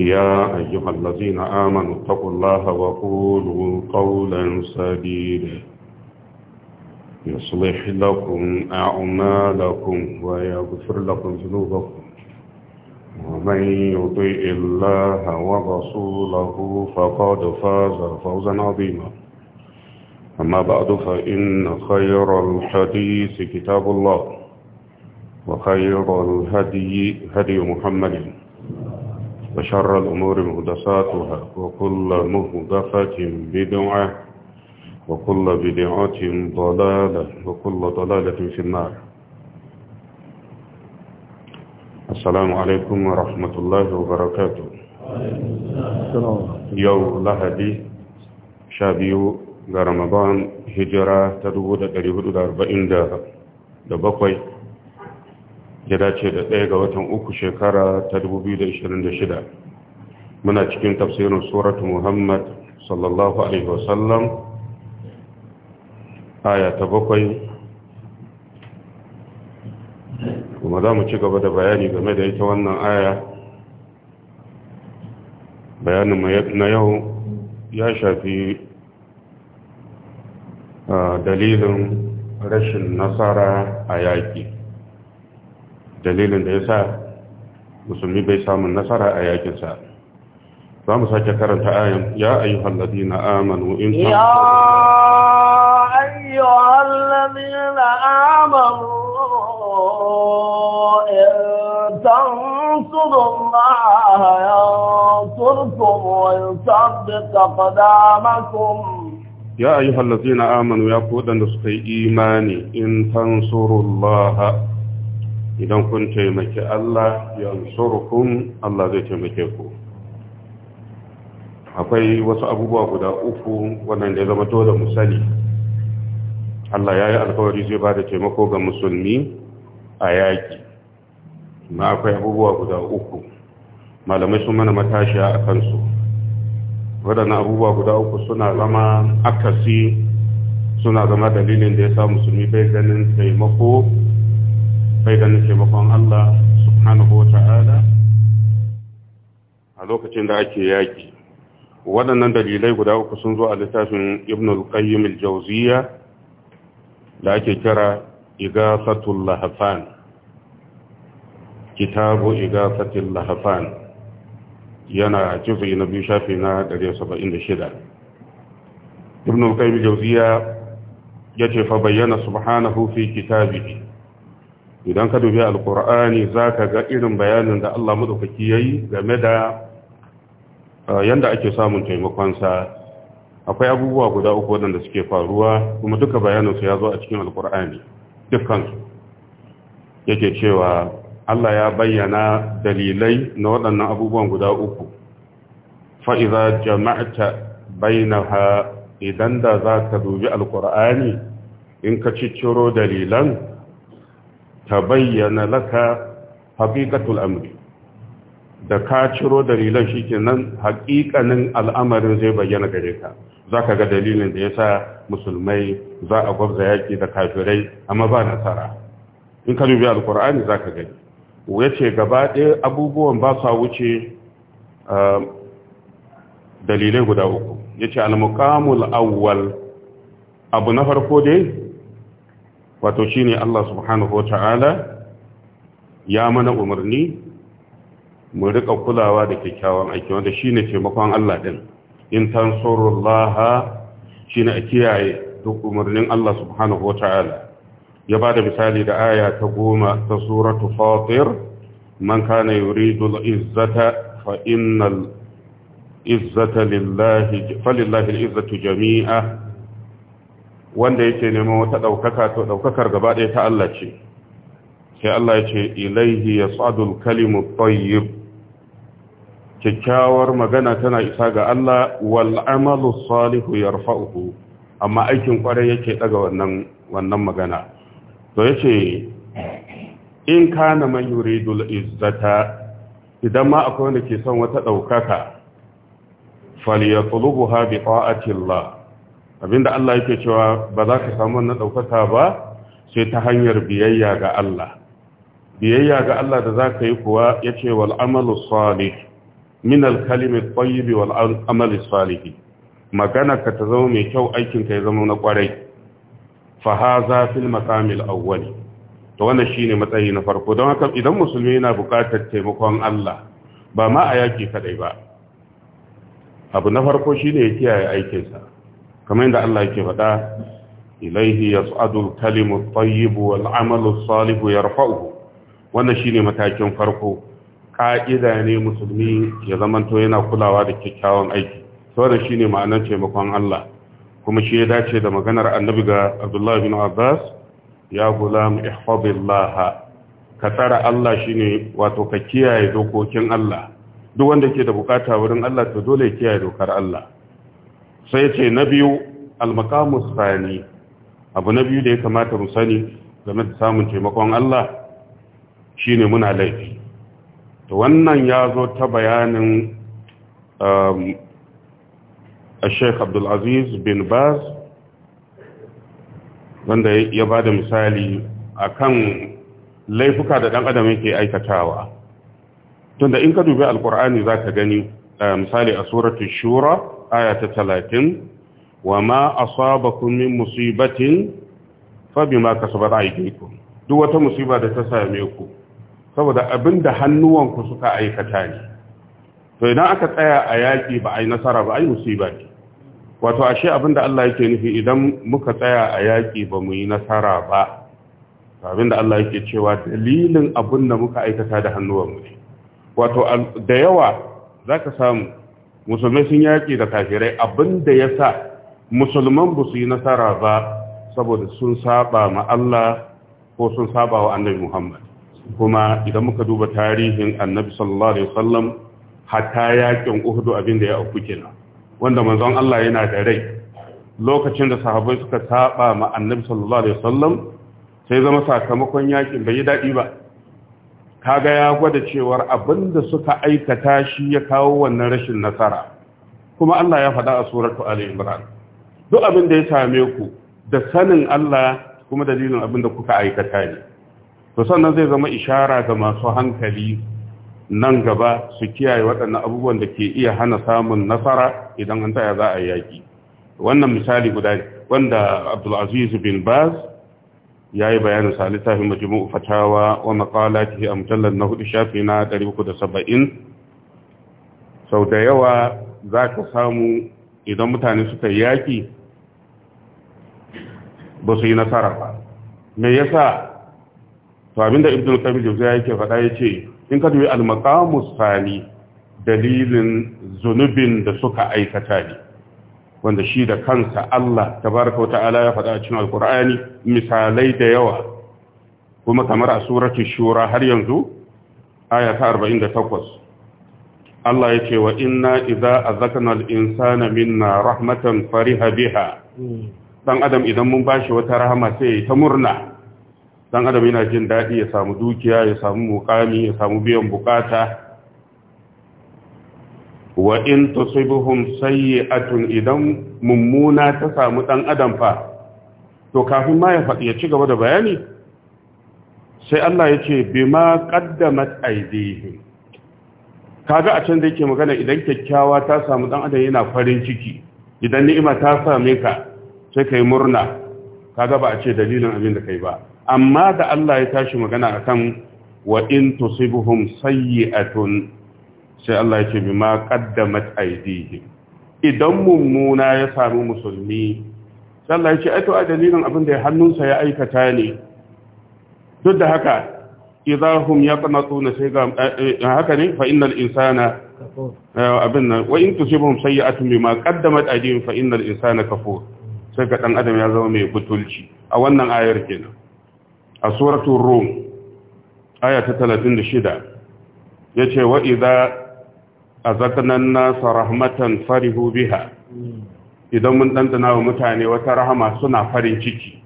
يا أيها الذين آمنوا اتقوا الله وقولوا قولا سديدا يصلح لكم أعمالكم ويغفر لكم ذنوبكم ومن يطيع الله ورسوله فقد فاز فوزا عظيما أما بعد فإن خير الحديث كتاب الله وخير الهدي هدي محمد وشر الأمور مهدساتها وكل مهدفة بدعة وكل بدعة ضلالة وكل ضلالة في النار السلام عليكم ورحمة الله وبركاته يوم لهدي شابيو ga Ramadan hijira ta 1447 ya dace da ɗaya ga watan uku shekara ta 2026 muna cikin tafsirin suratu muhammad sallallahu alaihi wasallam aya ta bakwai kuma za mu ci gaba da bayani game da ita wannan aya bayanin na yau ya shafi ah, dalilin rashin nasara a yaƙi dalilin da ya sa musulmi bai samun nasara a yakinsa za mu sake karanta ayan ya ayyuhal ladina amanu in ya ayyuhal ladina amanu تنصروا الله ينصركم ويثبت أقدامكم ya ayyuhal ladzina amanu ya ku wadanda suka yi imani in tansurullaha idan kun taimaki Allah ya yansurkum Allah zai taimake ku akwai wasu abubuwa guda uku wannan da ya zama dole mu sani Allah ya yi alkawari zai bada taimako ga musulmi a yaƙi ma akwai abubuwa guda uku malamai sun mana matashiya a kansu waɗannan abubuwa guda uku suna zama akasi suna zama dalilin da ya sa musulmi bai ganin taimako bai ganin taimakon Allah subhanahu wa ta'ala a lokacin da ake yaƙi waɗannan dalilai guda uku sun zo a littafin ibn al-qayyim al-jawziya da ake kira igasatul lahafan kitabu igasatul lahafan yana juzu'i na biyu shafi na 176 ibn al-qayyim al-jawziya yace fa bayyana subhanahu fi kitabihi idan ka dubi alkur'ani za ka ga irin bayanin da Allah maɗaukaki ya yi game da uh, yadda ake samun taimakon sa akwai abubuwa guda uku waɗanda suke faruwa kuma duka bayaninsu ya zo a cikin alkur'ani dukkansu yake cewa Allah ya bayyana dalilai na waɗannan abubuwan guda uku fa'iza jama'ata bainaha idan da za ka dubi alkur'ani in ka cicciro dalilan tabayyana laka haqiqatul amri da ka ciro dalilan shi ke nan haƙiƙanin al'amarin zai bayyana gare ka za ka ga dalilin da ya sa musulmai za a gwabza yaki da kafirai amma ba nasara in ka dubi za ka gani Ya ce gaba ɗaya abubuwan ba sa wuce dalilai guda uku yace al-muqamul awwal abu na farko dai wato shine Allah subhanahu wa ta'ala ya mana umarni mu rika kulawa da kyakkyawan aiki wanda shine taimakon Allah ɗin. in tansurullaha shine a kiyaye duk umarnin Allah subhanahu wa ta'ala ya da misali da aya ta goma ta suratu fatir man kana yuridu izzata fa innal izzata lillahi falillahi izzatu jami'a wanda yake neman wata ɗaukaka to ɗaukakar gaba ɗaya ta Allah ce sai Allah ya ce ilaihi ya tsadul kalimu tsayyib kyakkyawar magana tana isa ga Allah wal'amalu salihu ya rafa'uhu amma aikin kwarai yake ɗaga wannan magana to ya ce in kana man yuridul izzata idan ma akwai wanda ke son wata ɗaukaka falyatlubuha bi ta'atillah abinda Allah yake cewa ba za ka samu wannan ɗaukaka ba sai ta hanyar biyayya ga Allah biyayya ga Allah da za ka yi kuwa ya ce wal amalu salih min al kalimi tayyibi wal amali salih magana ka ta zama mai kyau aikin ka ya zama na kwarai fa haza fil maqamil awwali to wannan shine matsayi na farko don haka idan musulmi yana buƙatar taimakon Allah ba ma a yaki kadai ba abu na farko shine ya kiyaye aikinsa kamar yadda Allah yake faɗa ilaihi yas'adul kalimu at-tayyib wal 'amalu as yarfa'uhu wannan shine matakin farko ka'ida ne musulmi ya zamanto yana kulawa da kyakkyawan aiki saboda shine ma'anar taimakon Allah kuma shi ya dace da maganar annabi ga Abdullah bin Abbas ya gulam ihfazillah ka tsara Allah shine wato ka kiyaye dokokin Allah duk wanda ke da bukata wurin Allah to dole ya kiyaye dokar Allah sai ce na biyu almakamu sani abu na biyu da ya kamata mu sani game da samun taimakon Allah shine muna laifi to wannan ya zo ta bayanin um, Sheikh Abdul Aziz bin Baz wanda ya ba da misali akan laifuka da ɗan adam yake aikatawa tunda in ka dubi alkur'ani zaka gani eh, misali a suratul shura aya ta talatin wa ma asabakum min musibatin fa bima kasabat aydikum duk wata musiba da ta same ku saboda abinda hannuwanku suka aikata ne to idan aka tsaya a yaƙi ba a nasara ba a musiba ne wato ashe abinda Allah yake nufi idan muka tsaya a yaƙi ba mu yi nasara ba abinda Allah yake cewa dalilin abin muka aikata da hannuwanmu ne wato da yawa za ka samu musulmai sun yaƙi da kafirai abinda ya sa musulman ba su yi nasara ba saboda sun saba ma Allah ko sun saba wa annabi Muhammad kuma idan muka duba tarihin annabi sallallahu alaihi wasallam hatta yaƙin Uhud abinda ya auku kenan wanda manzon Allah yana da rai lokacin da sahabbai suka saba ma annabi sallallahu alaihi wasallam sai zama sakamakon yaƙin bai yi daɗi ba kaga ya gwada cewar abinda suka aikata shi ya kawo wannan rashin nasara kuma Allah ya faɗa a suratu Ali Imran duk abin da ya same ku da sanin Allah kuma dalilin abin da kuka aikata ne to sannan zai zama ishara ga masu hankali nan gaba su kiyaye waɗannan abubuwan da ke iya hana samun nasara idan an taya za a yaki wannan misali guda wanda Abdul Aziz bin Baz Ya yi bayanin sa littafin majmu'u fatawa wa maqalatihi a mujallal na hudu shafi na 370 sau da yawa za ka samu idan mutane suka yaki ba su yi nasara ba me yasa to abinda ibnu qabil ya yake faɗa ya ce, in ka dubi al-maqamu sali dalilin zunubin da suka aikata ne wanda shi da kansa Allah tabaraka wa ta'ala ya faɗa a cikin alkur'ani misalai da yawa kuma kamar a suratul shura har yanzu aya ta 48 Allah ya ce wa inna idza azakna insana minna rahmatan fariha biha dan adam idan mun bashi wata rahama sai ta murna dan adam yana jin dadi ya samu dukiya ya samu mukami ya samu biyan bukata wa in tusibuhum sayyi'atun idan mummuna ta samu dan adam fa to kafin ma ya faɗi ya ci gaba da bayani sai Allah ya ce bima qaddamat kaga a can da yake magana idan kyakkyawa ta samu dan adam yana farin ciki idan ni'ima ta same ka sai kai murna kaga ba a ce dalilin abin da kai ba amma da Allah ya tashi magana akan wa in tusibuhum sayyi'atun sai Allah ya ce bi ma qaddamat aydihim idan mummuna ya samu musulmi sai Allah ya ce ai to a dalilin abin da hannunsa ya aikata ne duk da haka idza hum yaqnatuna sai ga eh, eh, haka ne fa innal insana eh, abin nan wa in tusibhum sayi'atun bima qaddamat aydihim fa innal insana kafur sai ga dan adam ya zama mai butulci a wannan ayar kenan a suratul rum aya ta 36 ya ce wa'iza zakanan nasa rahmatan farihu biha idan mun ɗanɗana wa mutane wata rahama suna farin ciki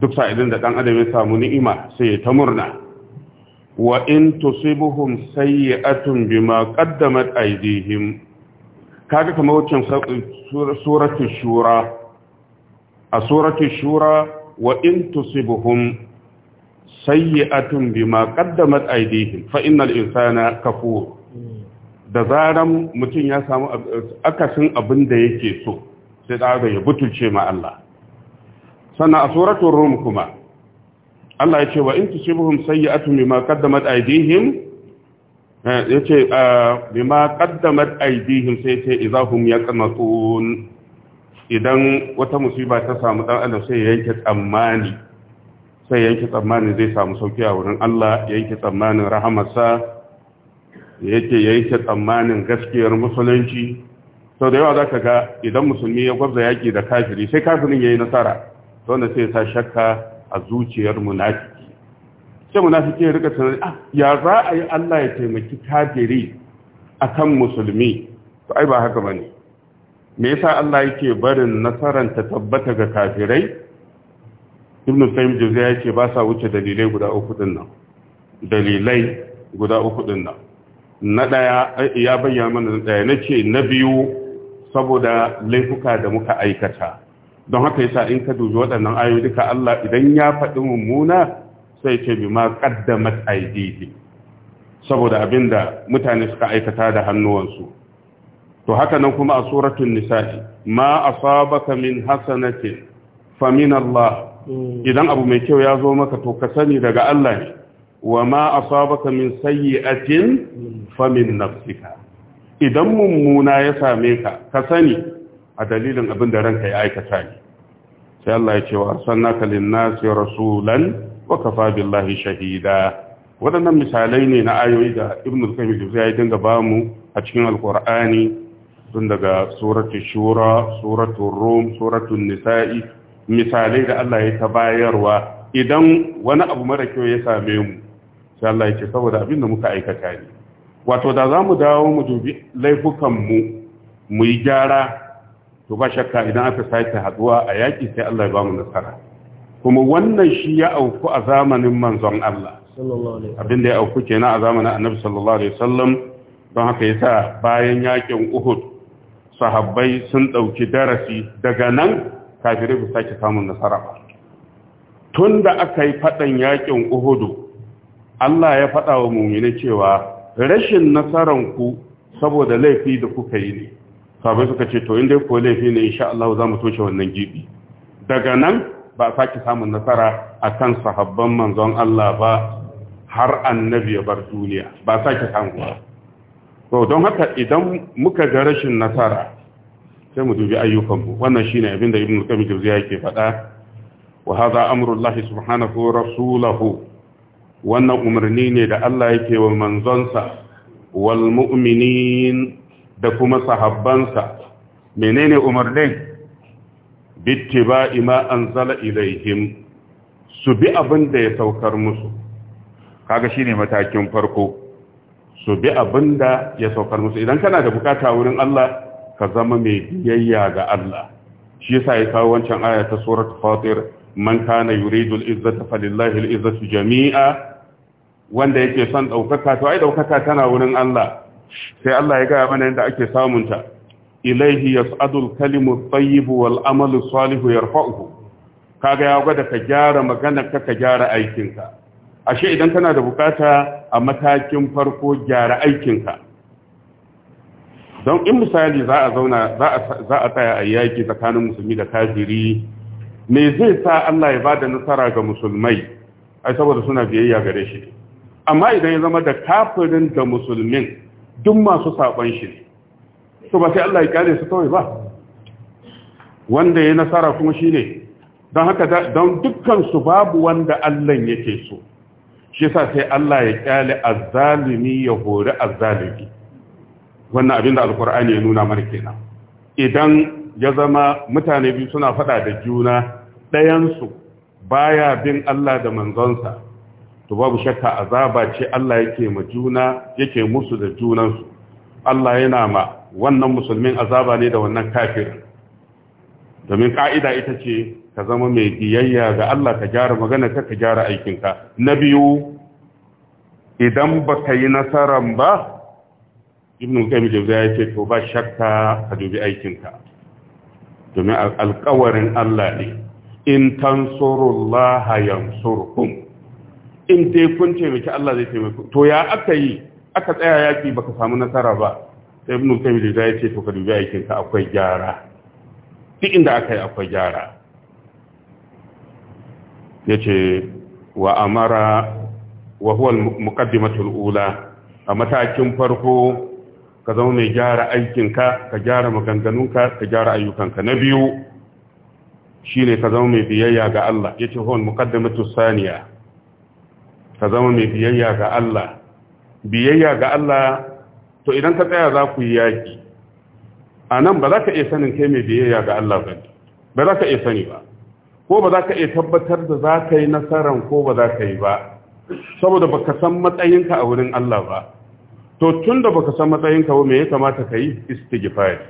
duk sa'ilin da ɗan adam ya samu ni'ima sai ya ta murna wa in tusibuhum sayyi'atun bima qaddamat aydihim kaga kamar wancan suratul shura a suratul shura wa in tusibuhum atun bima qaddamat aydihim fa innal insana kafur da zaran mutum ya samu akasin abin da yake so sai da ya butulce ma Allah sannan a suratul rum kuma Allah ya ce wa in tusibuhum sayyi'atun bima qaddamat aydihim eh, yace ah, bima qaddamat aydihim sai ce idahum yaqnatun idan wata musiba ta samu dan adam sai ya yanke tsammani sai yanke tsammani zai samu sauki a wurin Allah ya yanke tsammanin rahamarsa da yake ya yi tsammanin gaskiyar musulunci sau da yawa za ka ga idan musulmi ya gwabza yaƙi da kafiri sai kafirin ya yi nasara sau da sai sa shakka a zuciyar munafiki sai munafiki ya rika tunanin ah ya za a yi allah ya taimaki kafiri a kan musulmi to ai ba haka ba ne me yasa allah yake barin nasaran ta tabbata ga kafirai ibn sayyid juzayya ya ce ba sa wuce dalilai guda uku din dalilai guda uku din nan na ɗaya ya bayyana mana na ɗaya na ce na biyu saboda laifuka da muka aikata don haka yasa in ka dubi waɗannan ayoyi duka Allah idan ya faɗi mummuna sai ce bi ma qaddamat aidihi saboda abinda mutane suka aikata da hannuwansu to haka nan kuma a suratul nisa'i ma asabaka min hasanatin fa min Allah mm. idan abu mai kyau ya zo maka to ka sani daga Allah ne wa ma asabaka min sayyi'atin famin nafsika idan mummuna ya same ka ka sani a dalilin abin da ranka ya aikata ne sai Allah ya ce wa arsalnaka lin-nasi rasulan wa kafa billahi shahida Wadannan misalai ne na ayoyi da ibnu al da ya dinga bamu a cikin alqur'ani tun daga suratul shura suratul rum suratul nisa'i misalai da Allah ya ta bayarwa idan wani abu mara kyau ya same mu sai Allah ya ce saboda abin da muka aikata ne wato da za mu dawo mu dubi laifukanmu mu yi gyara to ba shakka idan aka sake haduwa a yaƙi sai Allah ya ba mu nasara kuma wannan shi ya auku a zamanin manzon Allah abin da ya auku kenan a zamanin annabi sallallahu alaihi wasallam don haka yasa bayan yakin Uhud sahabbai sun ɗauki darasi daga nan kafirai ba sake samun nasara ba tunda aka yi faɗan yaƙin Uhudu. Allah ya faɗa wa mumini cewa rashin nasaranku saboda laifi da kuka yi ne sabai suka ce to inda ko laifi ne insha Allah za mu toshe wannan gibi daga nan ba a sake samun nasara akan kan sahabban manzon Allah ba har annabi ya bar duniya ba a sake samu ba to don haka idan muka ga rashin nasara sai mu dubi ayyukanmu wannan shine abin da ibnu qayyim jawziya yake faɗa wa hadha amru Allah subhanahu wa rasuluhu wannan umarni ne da Allah yake wa manzonsa wal mu'minin da kuma sahabbansa menene umarnin bittiba'i ma anzala ilaihim su bi abin da ya saukar musu kaga shine matakin farko su bi abin da ya saukar musu idan kana da bukata wurin Allah ka zama mai biyayya ga Allah shi yasa ya kawo wancan aya ta suratul fatir man kana yuridu al-izzata falillahi al-izzatu jami'a wanda yake son ɗaukaka to ai ɗaukaka tana wurin Allah sai Allah ya gaya mana yadda ake samunta ilaihi yas'adul kalimu tayyibu wal amalu salihu yarfa'uhu kaga ya gwada ka gyara magana ka ka gyara aikinka ashe idan kana da bukata a matakin farko gyara aikinka don in misali za a zauna za a tsaya a yaki tsakanin musulmi da kafiri me zai sa Allah ya bada nasara ga musulmai ai saboda suna biyayya gare shi amma idan ya zama da kafirin da musulmin duk masu saban shi ne to ba sai Allah ya kyale su kawai ba wanda ya nasara kuma shi ne don haka don dukkansu babu wanda Allah yake so shi sa sai Allah ya kyale azzalimi ya hori azzalimi wannan abin da alkur'ani ya nuna mana kenan idan ya zama mutane biyu suna fada da juna ɗayansu baya bin Allah da manzonsa to babu shakka azaba ce Allah yake ma juna yake musu da junansu Allah yana ma wannan musulmin azaba ne da wannan kafir. domin ka'ida ita ce ka zama mai biyayya ga Allah ka gyara magana ka ka gyara aikinka na biyu idan ba ka yi nasaran ba ibn qayyim jawziya ya ce to ba shakka ka dubi aikinka domin alƙawarin Allah ne in tansurullaha yansurkum in dai kun taimaki Allah zai taimaki to ya aka yi aka tsaya yaki baka samu nasara ba sai ibnu taymiyyah da ce to ka dubi aikin ka akwai gyara duk inda aka yi akwai gyara yace wa amara wa huwa al ula a matakin farko ka zama mai gyara aikinka ka gyara maganganunka ka gyara ayyukanka na biyu shine ka zama mai biyayya ga Allah yace huwa muqaddimatu saniya ka zama mai biyayya ga Allah biyayya ga Allah to idan ka tsaya za ku yi yaƙi a nan ba za ka iya sanin kai mai biyayya ga Allah ba ba za ka iya sani ba ko ba za ka iya tabbatar da za ka yi nasaran ko ba za ka yi ba saboda ba ka san matsayinka a wurin Allah ba to tun da ba ka san matsayinka ba me ya kamata ka yi istighfar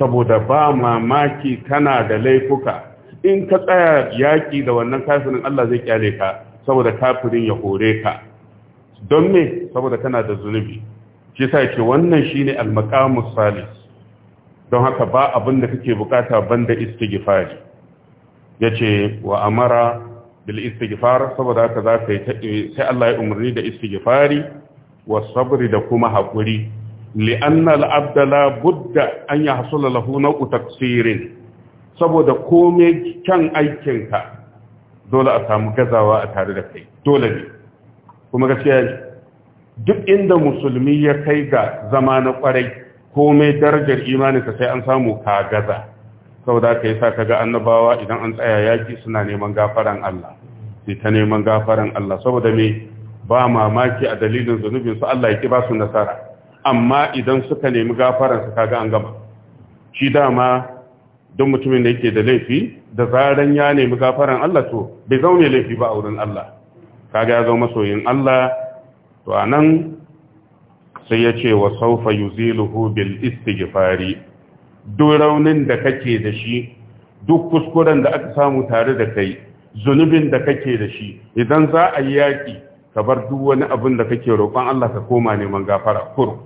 saboda ba mamaki kana da laifuka in ka tsaya yaƙi da wannan kafirin Allah zai kyale ka saboda kafirin ya hore ka don me saboda kana da zunubi shi sa ce wannan shine al-maqamus salis don haka ba abin da kake bukata banda istighfari yace wa amara bil istighfar saboda haka zaka yi sai Allah ya umarni da istighfari wa sabri da kuma hakuri li'anna al-abda la budda an yahsul lahu nau'u taksirin saboda komai kyan aikinka dole a samu gazawa a tare da kai dole ne kuma gaskiya duk inda musulmi ya kai ga zama na kwarai komai darajar imani ka sai an samu ka gaza da ka yi sa kaga annabawa idan an tsaya yaki suna neman gafaran Allah sai ta neman gafaran Allah saboda me ba mamaki a dalilin zunubin su Allah ya ki ba su nasara amma idan suka nemi gafaran su kaga an gama shi dama don mutumin da yake da laifi da zaran ya nemi gafaran Allah to bai zaune laifi ba a wurin Allah kaga ya zama masoyin Allah to anan sai ya ce wa saufa yuziluhu bil istighfari duk raunin da kake da shi duk kuskuren da aka samu tare da kai zunubin da kake da shi idan za a yi yaƙi ka bar duk wani abin da kake roƙon Allah ka koma neman gafara kuro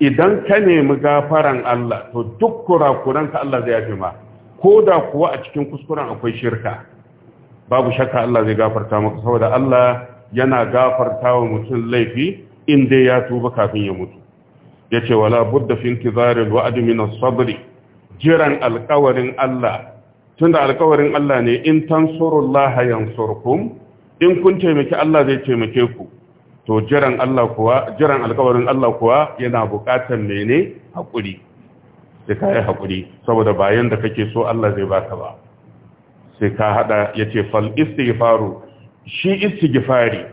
idan ka nemi gafaran Allah to duk kurakuranka Allah zai yafe ma ko da kuwa a cikin kuskuren akwai shirka babu shakka Allah zai gafarta maka saboda Allah yana gafarta wa mutum laifi in dai ya tuba kafin ya mutu Yace ce wala budda fi intizari alwa'd min as-sabr jiran alƙawarin Allah tunda alƙawarin Allah ne in tansurullaha yansurkum in kun taimaki Allah zai taimake ku to jiran Allah kuwa jiran alƙawarin Allah kuwa yana buƙatar mene hakuri sai ka yi haƙuri saboda bayan da kake so Allah zai baka ba sai ka hada ya ce fal istighfaru shi istighfari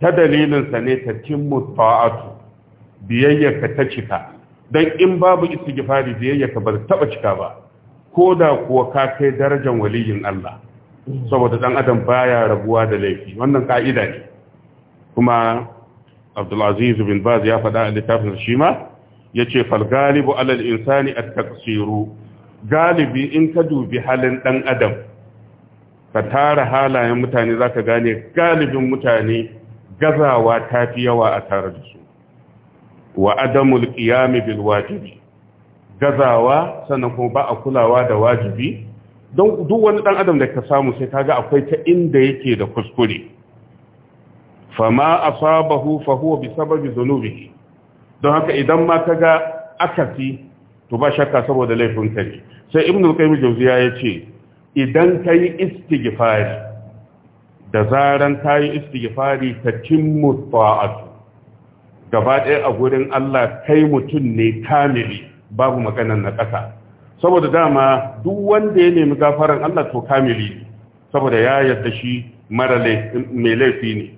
ta dalilinsa ne ta timmu ta'atu ka ta cika don in babu istighfari ka ba taba cika ba ko da kuwa ka kai darajar waliyin Allah saboda dan adam baya rabuwa da laifi wannan ka'ida ne kuma Abdulaziz bin Baz ya faɗa a littafin shi ma Ya ce galibu alal insani at-taqsiru galibi in ka dubi halin dan adam ka tara halayen mutane zaka gane galibin mutane gazawa ta fi yawa a tare da su wa adamul qiyam bil wajibi gazawa sannan kuma ba a kulawa da wajibi don duk wani dan adam da ka samu sai kaga akwai ta inda yake da kuskure fama asabahu fa huwa bi dhunubihi don haka idan ma ka ga akasi to ba shakka saboda laifin ka ne sai ibn al-qayyim jawziya yace idan kai istighfari da zaran kai istighfari ta timmu ta'at gaba ɗaya a gurin Allah kai mutum ne kamili babu maganar na ƙasa saboda dama duk wanda ya nemi gafaran Allah to kamili saboda ya yarda shi mara mai laifi ne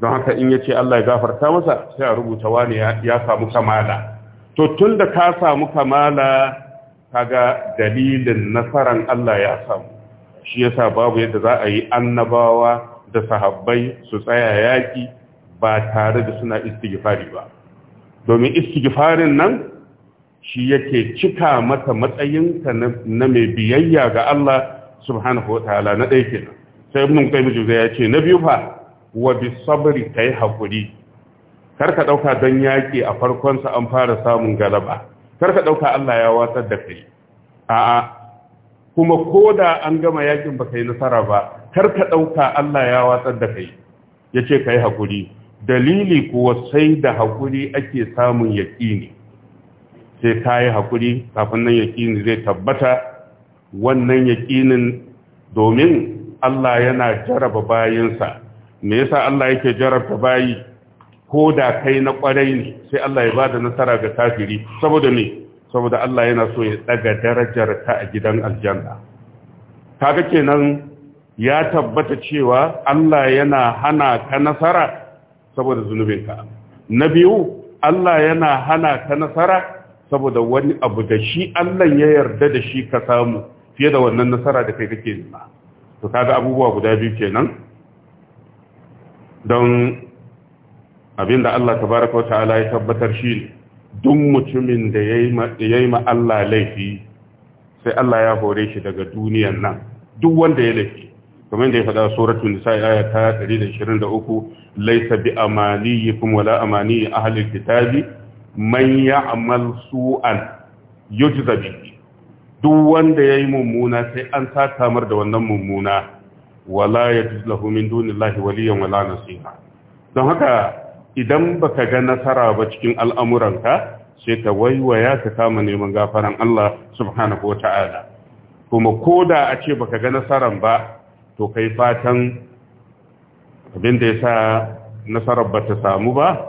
don haka in ya ce Allah ya gafarta masa sai a rubuta wani ya samu kamala to tun da ka samu kamala kaga dalilin nasaran Allah ya samu shi yasa babu yadda za a yi annabawa da sahabbai su tsaya yaƙi ba tare da suna istighfari ba domin istighfarin nan shi yake cika mata matsayinka na mai biyayya ga Allah subhanahu wa ta'ala na ɗaya kenan sai ibn qayyim juzayy ya ce na biyu fa wa bi sabri kai hakuri kar ka dauka dan yaki a farkon sa an fara samun galaba kar ka dauka Allah ya watsar da kai a'a kuma koda an gama yakin baka yi nasara ba karka ka dauka Allah ya watsar da kai yace kai hakuri dalili kuwa sai da hakuri ake samun yaqini sai ka yi hakuri kafin nan yaqini zai tabbata wannan yaƙinin domin Allah yana jaraba bayansa me yasa Allah yake jarabta bayi ko da kai na kwarai ne sai Allah ya bada nasara ga kafiri saboda me saboda Allah yana so ya daga darajar ta a gidan aljanna kaga kenan ya tabbata cewa Allah yana hana ka nasara saboda zunubinka na biyu Allah yana hana ka nasara saboda wani abu da shi Allah ya yarda da shi ka samu fiye da wannan nasara da kai kake nema to kaga abubuwa guda biyu kenan don abinda Allah ta baraka wa ta'ala ya tabbatar shi ne duk mutumin da ya yi ma Allah laifi sai Allah ya hore shi daga duniyan nan duk wanda ya laifi kamar da ya faɗa suratun nisa aya ta 123 laisa bi amaniyikum wala amani ahli kitabi man ya'mal su'an yujza bihi duk wanda yayi mummuna sai an samar da wannan mummuna wala ya lahu min dunillahi waliyan wala nasiha don haka idan baka ga nasara ba cikin al'amuranka sai ka waiwaya ka kama neman gafaran Allah subhanahu wata'ala kuma da a ce baka ga nasaran ba to kai fatan abin da yasa nasarar ba ta samu ba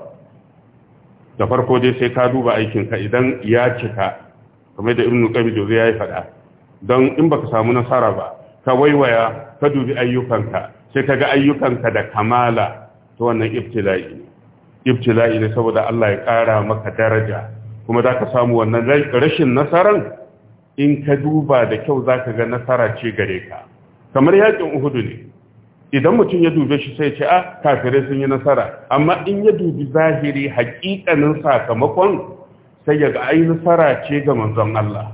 da farko dai sai ka duba aikin ka idan ya cika kamar da ibnu qayyim jozi ya fada. don in baka samu nasara ba ka waiwaya ka dubi ayyukanka sai ka ga ayyukanka da kamala ta wannan ibtila'i ne ibtila'i ne saboda Allah ya ƙara maka daraja kuma za ka samu wannan rashin nasaran in ka duba da kyau za ka ga nasara ce gare ka kamar yakin uhudu ne idan mutum ya dube shi sai ce a ah, kafirai sun yi nasara amma in ya dubi zahiri hakikanin sakamakon sai ya ga ai nasara ce ga manzon Allah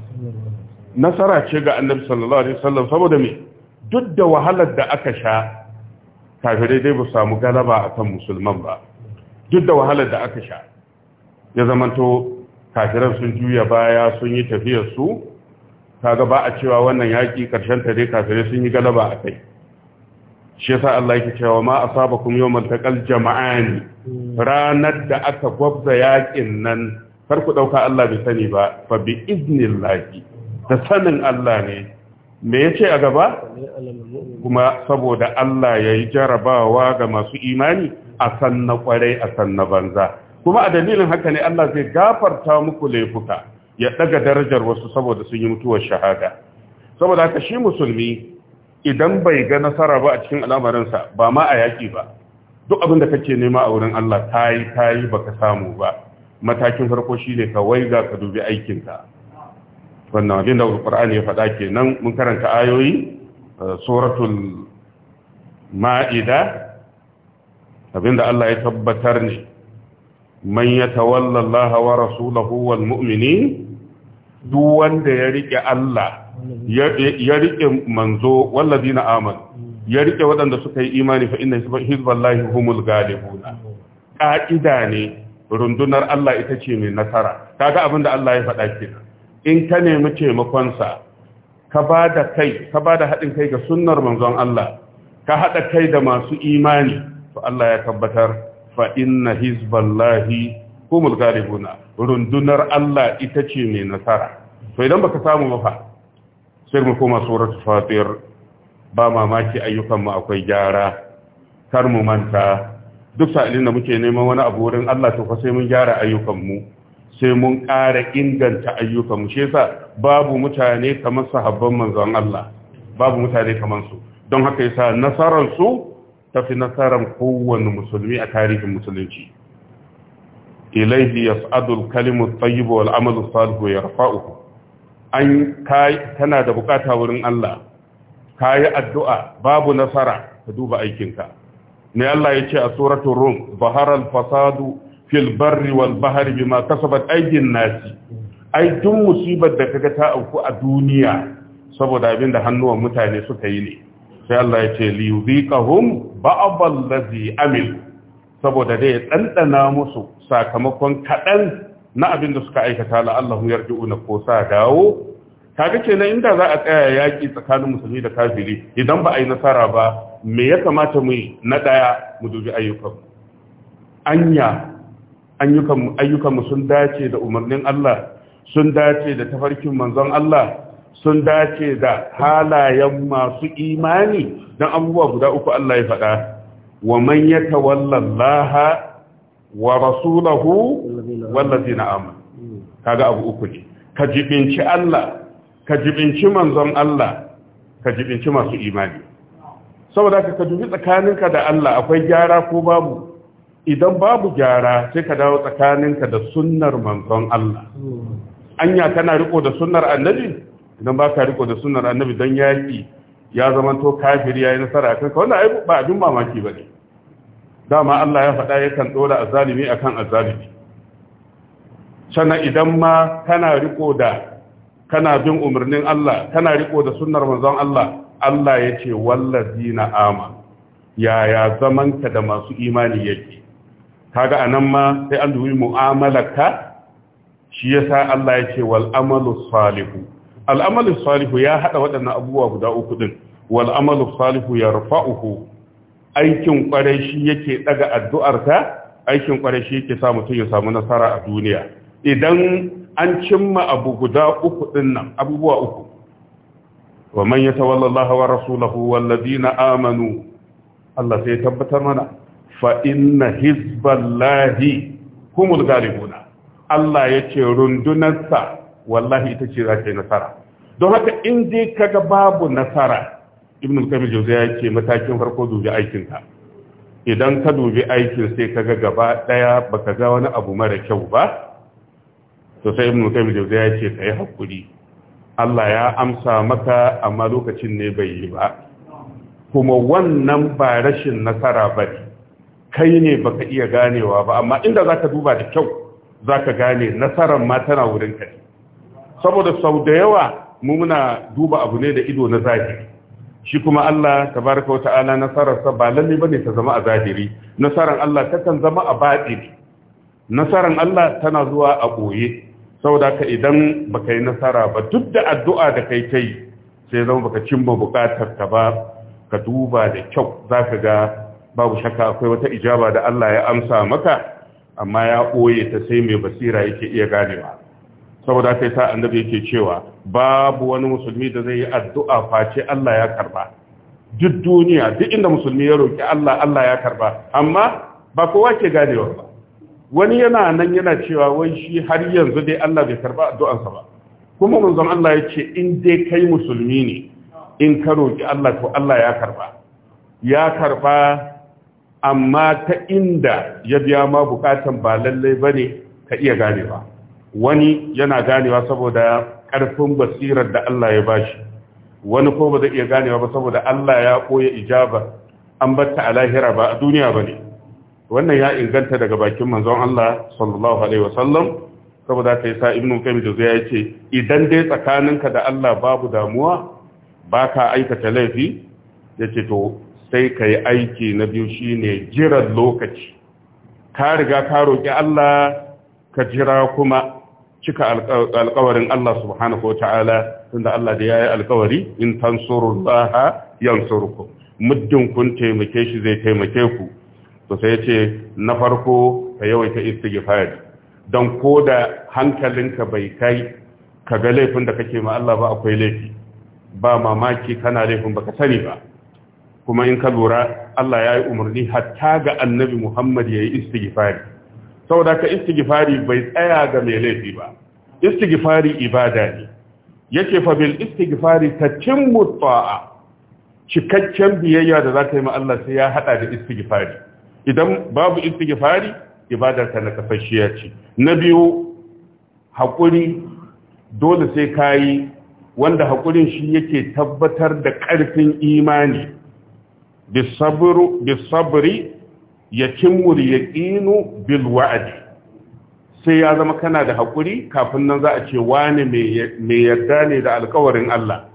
nasara ce ga annabi sallallahu alaihi wasallam saboda me duk da wahalar da aka sha kafirai dai ba samu galaba a kan musulman ba duk da wahalar da aka sha ya zamanto kafiran sun juya baya sun yi tafiyar su kaga ba a cewa wannan yaƙi, karshen ta dai kafirai sun yi galaba a kai shi yasa Allah yake cewa ma asabakum yawmal taqal jama'an ranar da aka gwabza yakin nan kar ku dauka Allah bai sani ba fa bi iznillahi da sanin Allah ne me ya ce a gaba kuma saboda Allah ya yi jarabawa ga masu imani a san na kwarai a san na banza kuma a dalilin haka ne Allah zai gafarta muku laifuka ya daga darajar wasu saboda sun yi mutuwar shahada saboda haka shi musulmi idan bai ga nasara ba a cikin al'amarinsa ba ma a yaƙi ba duk abin da kake nema a wurin Allah tayi tayi baka samu ba matakin farko shine ka waiga ka dubi aikinka wannan abin da alkur'ani ya faɗa kenan mun karanta ayoyi eh, suratul ma'ida abinda Allah ya tabbatar ne man yatawalla Allah wa rasulahu wal mu'minin duk wanda ya rike Allah ya rike manzo wallazina aman ya rike waɗanda suka yi imani fa inna hizballahi humul ghalibun ka'ida ne rundunar Allah ita ce mai nasara kaga da Allah ya faɗa kenan in ka nemi taimakonsa ka ba da kai ka ba da haɗin kai ga sunnar manzon Allah ka haɗa kai da masu imani to Allah ya tabbatar fa inna hizballahi humul ghalibuna rundunar Allah ita ce mai nasara to idan baka samu ba sai mu koma suratul fatir ba mamaki ayyukan mu akwai gyara kar mu manta duk sa'ilin da muke neman wani abu wurin Allah to fa sai mun gyara ayyukan mu sai mun ƙara inganta ayyukanmu shi yasa babu mutane kamar sahabban manzon Allah babu mutane kamar su don haka yasa nasarar su tafi nasarar kowanne musulmi a tarihin musulunci ilayhi yas'adu al-kalimu at tayyibu wal amalu salihu yarfa'uhu an kai kana da bukata wurin Allah kayi addu'a babu nasara ka duba aikinka ne Allah yace a suratul rum zahara fasadu fil barri wal bahri bima kasabat aydin nasi ai duk musibar da kaga ta auku a duniya saboda abin da hannuwan mutane suka yi ne sai Allah ya ce li yuziqahum ba'd allazi amil saboda dai ya ɗanɗana musu sakamakon kaɗan na abinda suka aikata la Allahu yarji'una ko sa dawo kaga kenan inda za a tsaya yaki tsakanin musulmi da kafiri idan ba a yi nasara ba me ya kamata mu yi mu dubi ayyukan anya ayyukanmu sun dace da umarnin Allah sun dace da tafarkin manzon Allah sun dace da halayen masu imani don abubuwa guda uku Allah ya faɗa wa man ya tawallallaha wa rasulahu wallazi na kaga abu uku ce ka jibinci Allah ka jibinci manzon Allah ka jibinci masu imani saboda ka dubi tsakaninka da Allah akwai gyara ko babu idan babu gyara sai ka dawo tsakaninka da sunnar manzon Allah anya kana riko da sunnar annabi idan ba ka riko da sunnar annabi don yaƙi ya zama to kafiri ya yi nasara a kanka wannan ba abin mamaki ba ne dama Allah ya faɗa yakan ɗora azalimi akan azalimi sannan idan ma kana riko da kana bin umarnin Allah kana riko da sunnar manzon Allah Allah ya ce wallazina ama yaya zamanka da masu imani yake kaga anan ma sai an dubi mu'amalarka shi yasa Allah ya ce wal salihu al salihu ya hada waɗannan abubuwa guda uku din wal amalu salihu yarfa'uhu aikin kwarai shi yake daga addu'arka aikin kwarai shi yake sa mutum ya samu nasara a duniya idan an cimma abu guda uku din nan abubuwa uku wa man yatawalla Allah wa rasulahu wal ladina amanu Allah sai tabbatar mana fa inna hizballahi humul galibuna Allah ya ce rundunarsa wallahi ita ce za ta yi nasara don haka in ji kaga babu nasara ibn al-qayyim ya ce matakin farko dubi aikinka idan ka dubi aikin sai kaga gaba daya baka ga wani abu mara kyau ba to sai ibn al-qayyim ya ce kai hakuri Allah ya amsa maka amma lokacin ne bai yi ba kuma wannan ba rashin nasara bane kai ne baka iya ganewa ba amma inda zaka duba da kyau zaka gane nasarar ma tana wurin kai saboda sau da yawa mu muna duba abu ne da ido na zahiri shi kuma Allah tabaraka wata'ala sa ba lalle bane ta zama a zahiri nasaran Allah takan zama a batini nasaran Allah tana zuwa a boye saboda ka idan baka yi nasara ba duk da addu'a da kai kai sai zama baka cimma bukatar ka ba ka duba da kyau zaka ga babu shaka akwai wata ijaba da Allah ya amsa maka amma ya ɓoye ta sai mai basira yake iya ganewa saboda yi sa annabi yake cewa babu wani musulmi da zai yi addu'a face Allah ya karba duk duniya duk inda musulmi ya roki Allah Allah ya karba amma ba kowa ke ganewa ba wani yana nan yana cewa wai shi har yanzu dai Allah bai karba addu'ansa ba kuma manzon Allah ya in dai kai musulmi ne in ka roki Allah to Allah ya karba ya karba amma ta inda ya biya ma bukatan ba lallai bane ka iya ganewa wani yana ganewa saboda karfin basirar da Allah ya bashi wani ko ba zai iya ganewa ba saboda Allah ya koya ijaba an batta a lahira ba a duniya bane wannan ya inganta daga bakin manzon Allah sallallahu alaihi wasallam saboda ta sa ibnu qayyim da ya ce idan dai tsakaninka da Allah babu damuwa baka aikata laifi yace to sai ka yi aiki na biyu shine jiran lokaci ka riga ka roƙi Allah ka jira kuma cika alkawarin Allah subhanahu wa ta'ala tunda Allah da yi alkawari in tan tansurullaha yansurkum muddin kun taimake shi zai taimake ku to sai yace na farko ka yawaita Don ko da hankalinka bai kai ka ga laifin da kake ma Allah ba akwai laifi ba mamaki kana laifin baka sani ba kuma in ka lura Allah ya yi umarni hatta ga annabi Muhammad ya yi istighfari saboda ka istighfari bai tsaya ga mai laifi ba istighfari ibada ne yake fa bil istighfari cin ta'a cikakken biyayya da za ka yi ma Allah sai ya hada da istighfari idan babu istighfari ibadar ka na ya ce na biyu hakuri dole sai kayi wanda hakurin shi yake tabbatar da karfin imani bisabri ya kimmul yaqinu bil wa'adi sai ya zama kana da hakuri kafin nan za a ce wani mai yarda ne da alkawarin Allah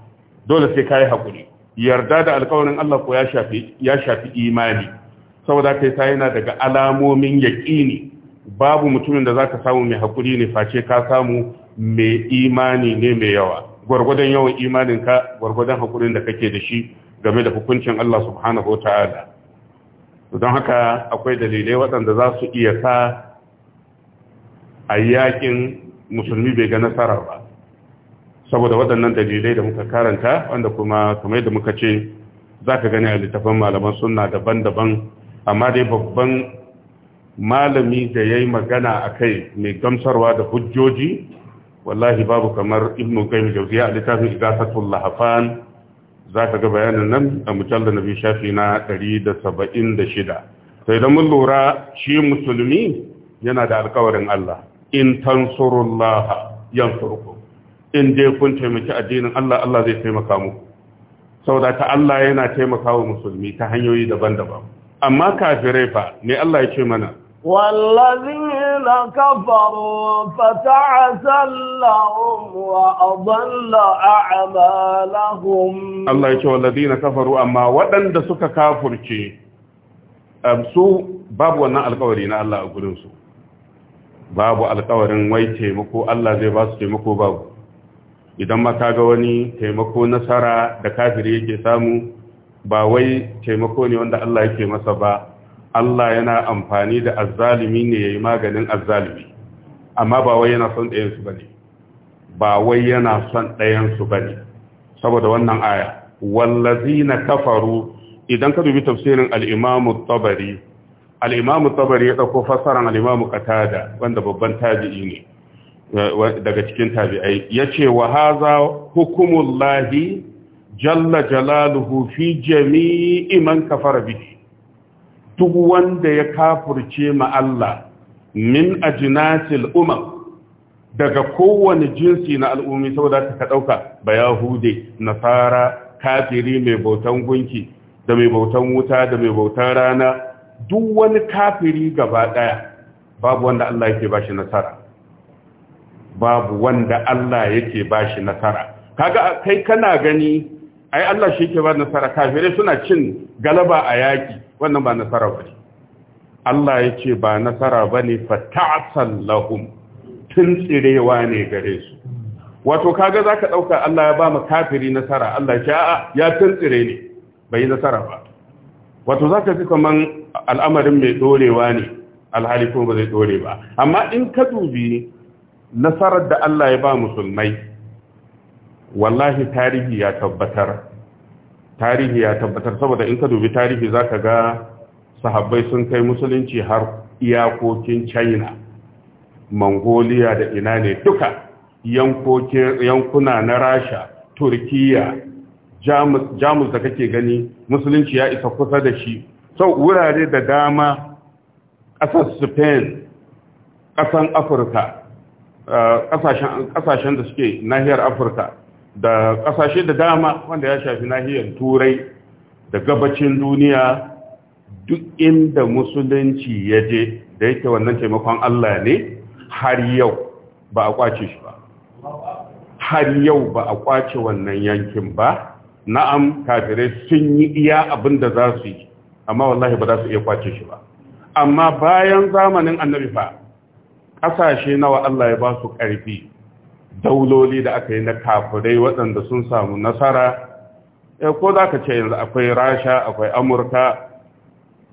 dole sai kai hakuri yarda da alkawarin Allah ko ya shafi ya shafi imani saboda kai sai yana daga alamomin yaƙini babu mutumin da zaka samu mai hakuri ne face ka samu mai imani ne mai yawa gwargwadon yawan imaninka gwargwadon hakurin da kake da shi game da hukuncin Allah subhanahu wa ta'ala don haka akwai dalilai waɗanda za su iya sa a yakin musulmi bai ga nasarar ba saboda waɗannan dalilai da muka karanta wanda kuma kamar da muka ce za ka gani a littafin malaman suna daban-daban amma dai babban malami da ya yi magana a kai mai gamsarwa da hujjoji wallahi babu kamar ibn qayyim Jauziya a littafin igasatul lahafan za ka ga bayanin nan a mujallar na shafi na 176 sai da mun lura shi musulmi yana da alkawarin Allah in tansurullah yansurku in dai kun taimaki addinin Allah Allah zai taimaka muku saboda ta Allah yana taimakawa musulmi ta hanyoyi daban-daban amma kafirai fa ne Allah ya ce mana والذين كفروا فتعسا لهم وأضل أعمالهم الله يشوى والذين كفروا أما ودن دسك كافر su babu wannan alkawari na Allah a gurinsu babu alƙawarin wai taimako Allah zai ba su taimako babu idan ma ga wani taimako nasara da kafiri yake samu ba wai taimako ne wanda Allah yake masa ba Allah yana amfani da azzalimi ne yayi maganin azzalimi amma ba wai yana son ɗayan su ne. ba wai yana son ɗayan ba ne. saboda wannan aya Wallazi na kafaru idan ka dubi tafsirin al tsabari. tabari al tabari ya ɗauko fasaran al-Imam wanda babban tabi'i ne eh, daga cikin tabi'ai Ya wa wahaza hukumullahi jalla jalaluhu fi jami'i man kafara biki. duk wanda ya kafurce ma Allah min ajinatil umam daga kowane jinsi na al'ummi saboda ta ɗauka bayahude, nasara kafiri mai bautan gunki da mai bautan wuta da mai bautan rana duk wani kafiri gaba ɗaya babu wanda Allah yake bashi nasara babu wanda Allah yake bashi nasara kaga kai kana gani ai Allah shi yake ba nasara kafirai suna cin galaba a yaƙi. wannan ba nasara ba ne Allah ya ce ba nasara ba ne fata'asan lahum tun tsirewa ne gare su wato kaga za ka ɗauka Allah ya ba mu kafiri nasara Allah ya ya tun tsire ne bai yi nasara ba wato za ka fi kaman al'amarin mai ɗorewa ne alhali kuma ba zai ɗore ba amma in ka dubi nasarar da Allah ya ba musulmai wallahi tarihi ya tabbatar tarihi ya tabbatar saboda in ka dubi tarihi za ka ga sahabbai sun kai musulunci har iyakokin china mongolia da ina ne duka yankuna na rasha turkiya jamus da kake gani musulunci ya isa kusa da shi sau wurare da dama ƙasar spain ƙasan afirka eh, ƙasashen da suke nahiyar afirka da kasashe da dama wanda ya shafi nahiyar turai da gabacin duniya duk inda musulunci ya je da yake wannan taimakon Allah ne har yau ba a kwace shi ba har yau ba a kwace wannan yankin ba na'am kafirai sun yi iya abin da za su yi amma wallahi ba za su iya kwace shi ba amma bayan zamanin annabi fa kasashe nawa Allah ya ba su ƙarfi dauloli da aka yi na kafirai waɗanda sun samu nasara eh, ko za ka ce yanzu akwai rasha akwai amurka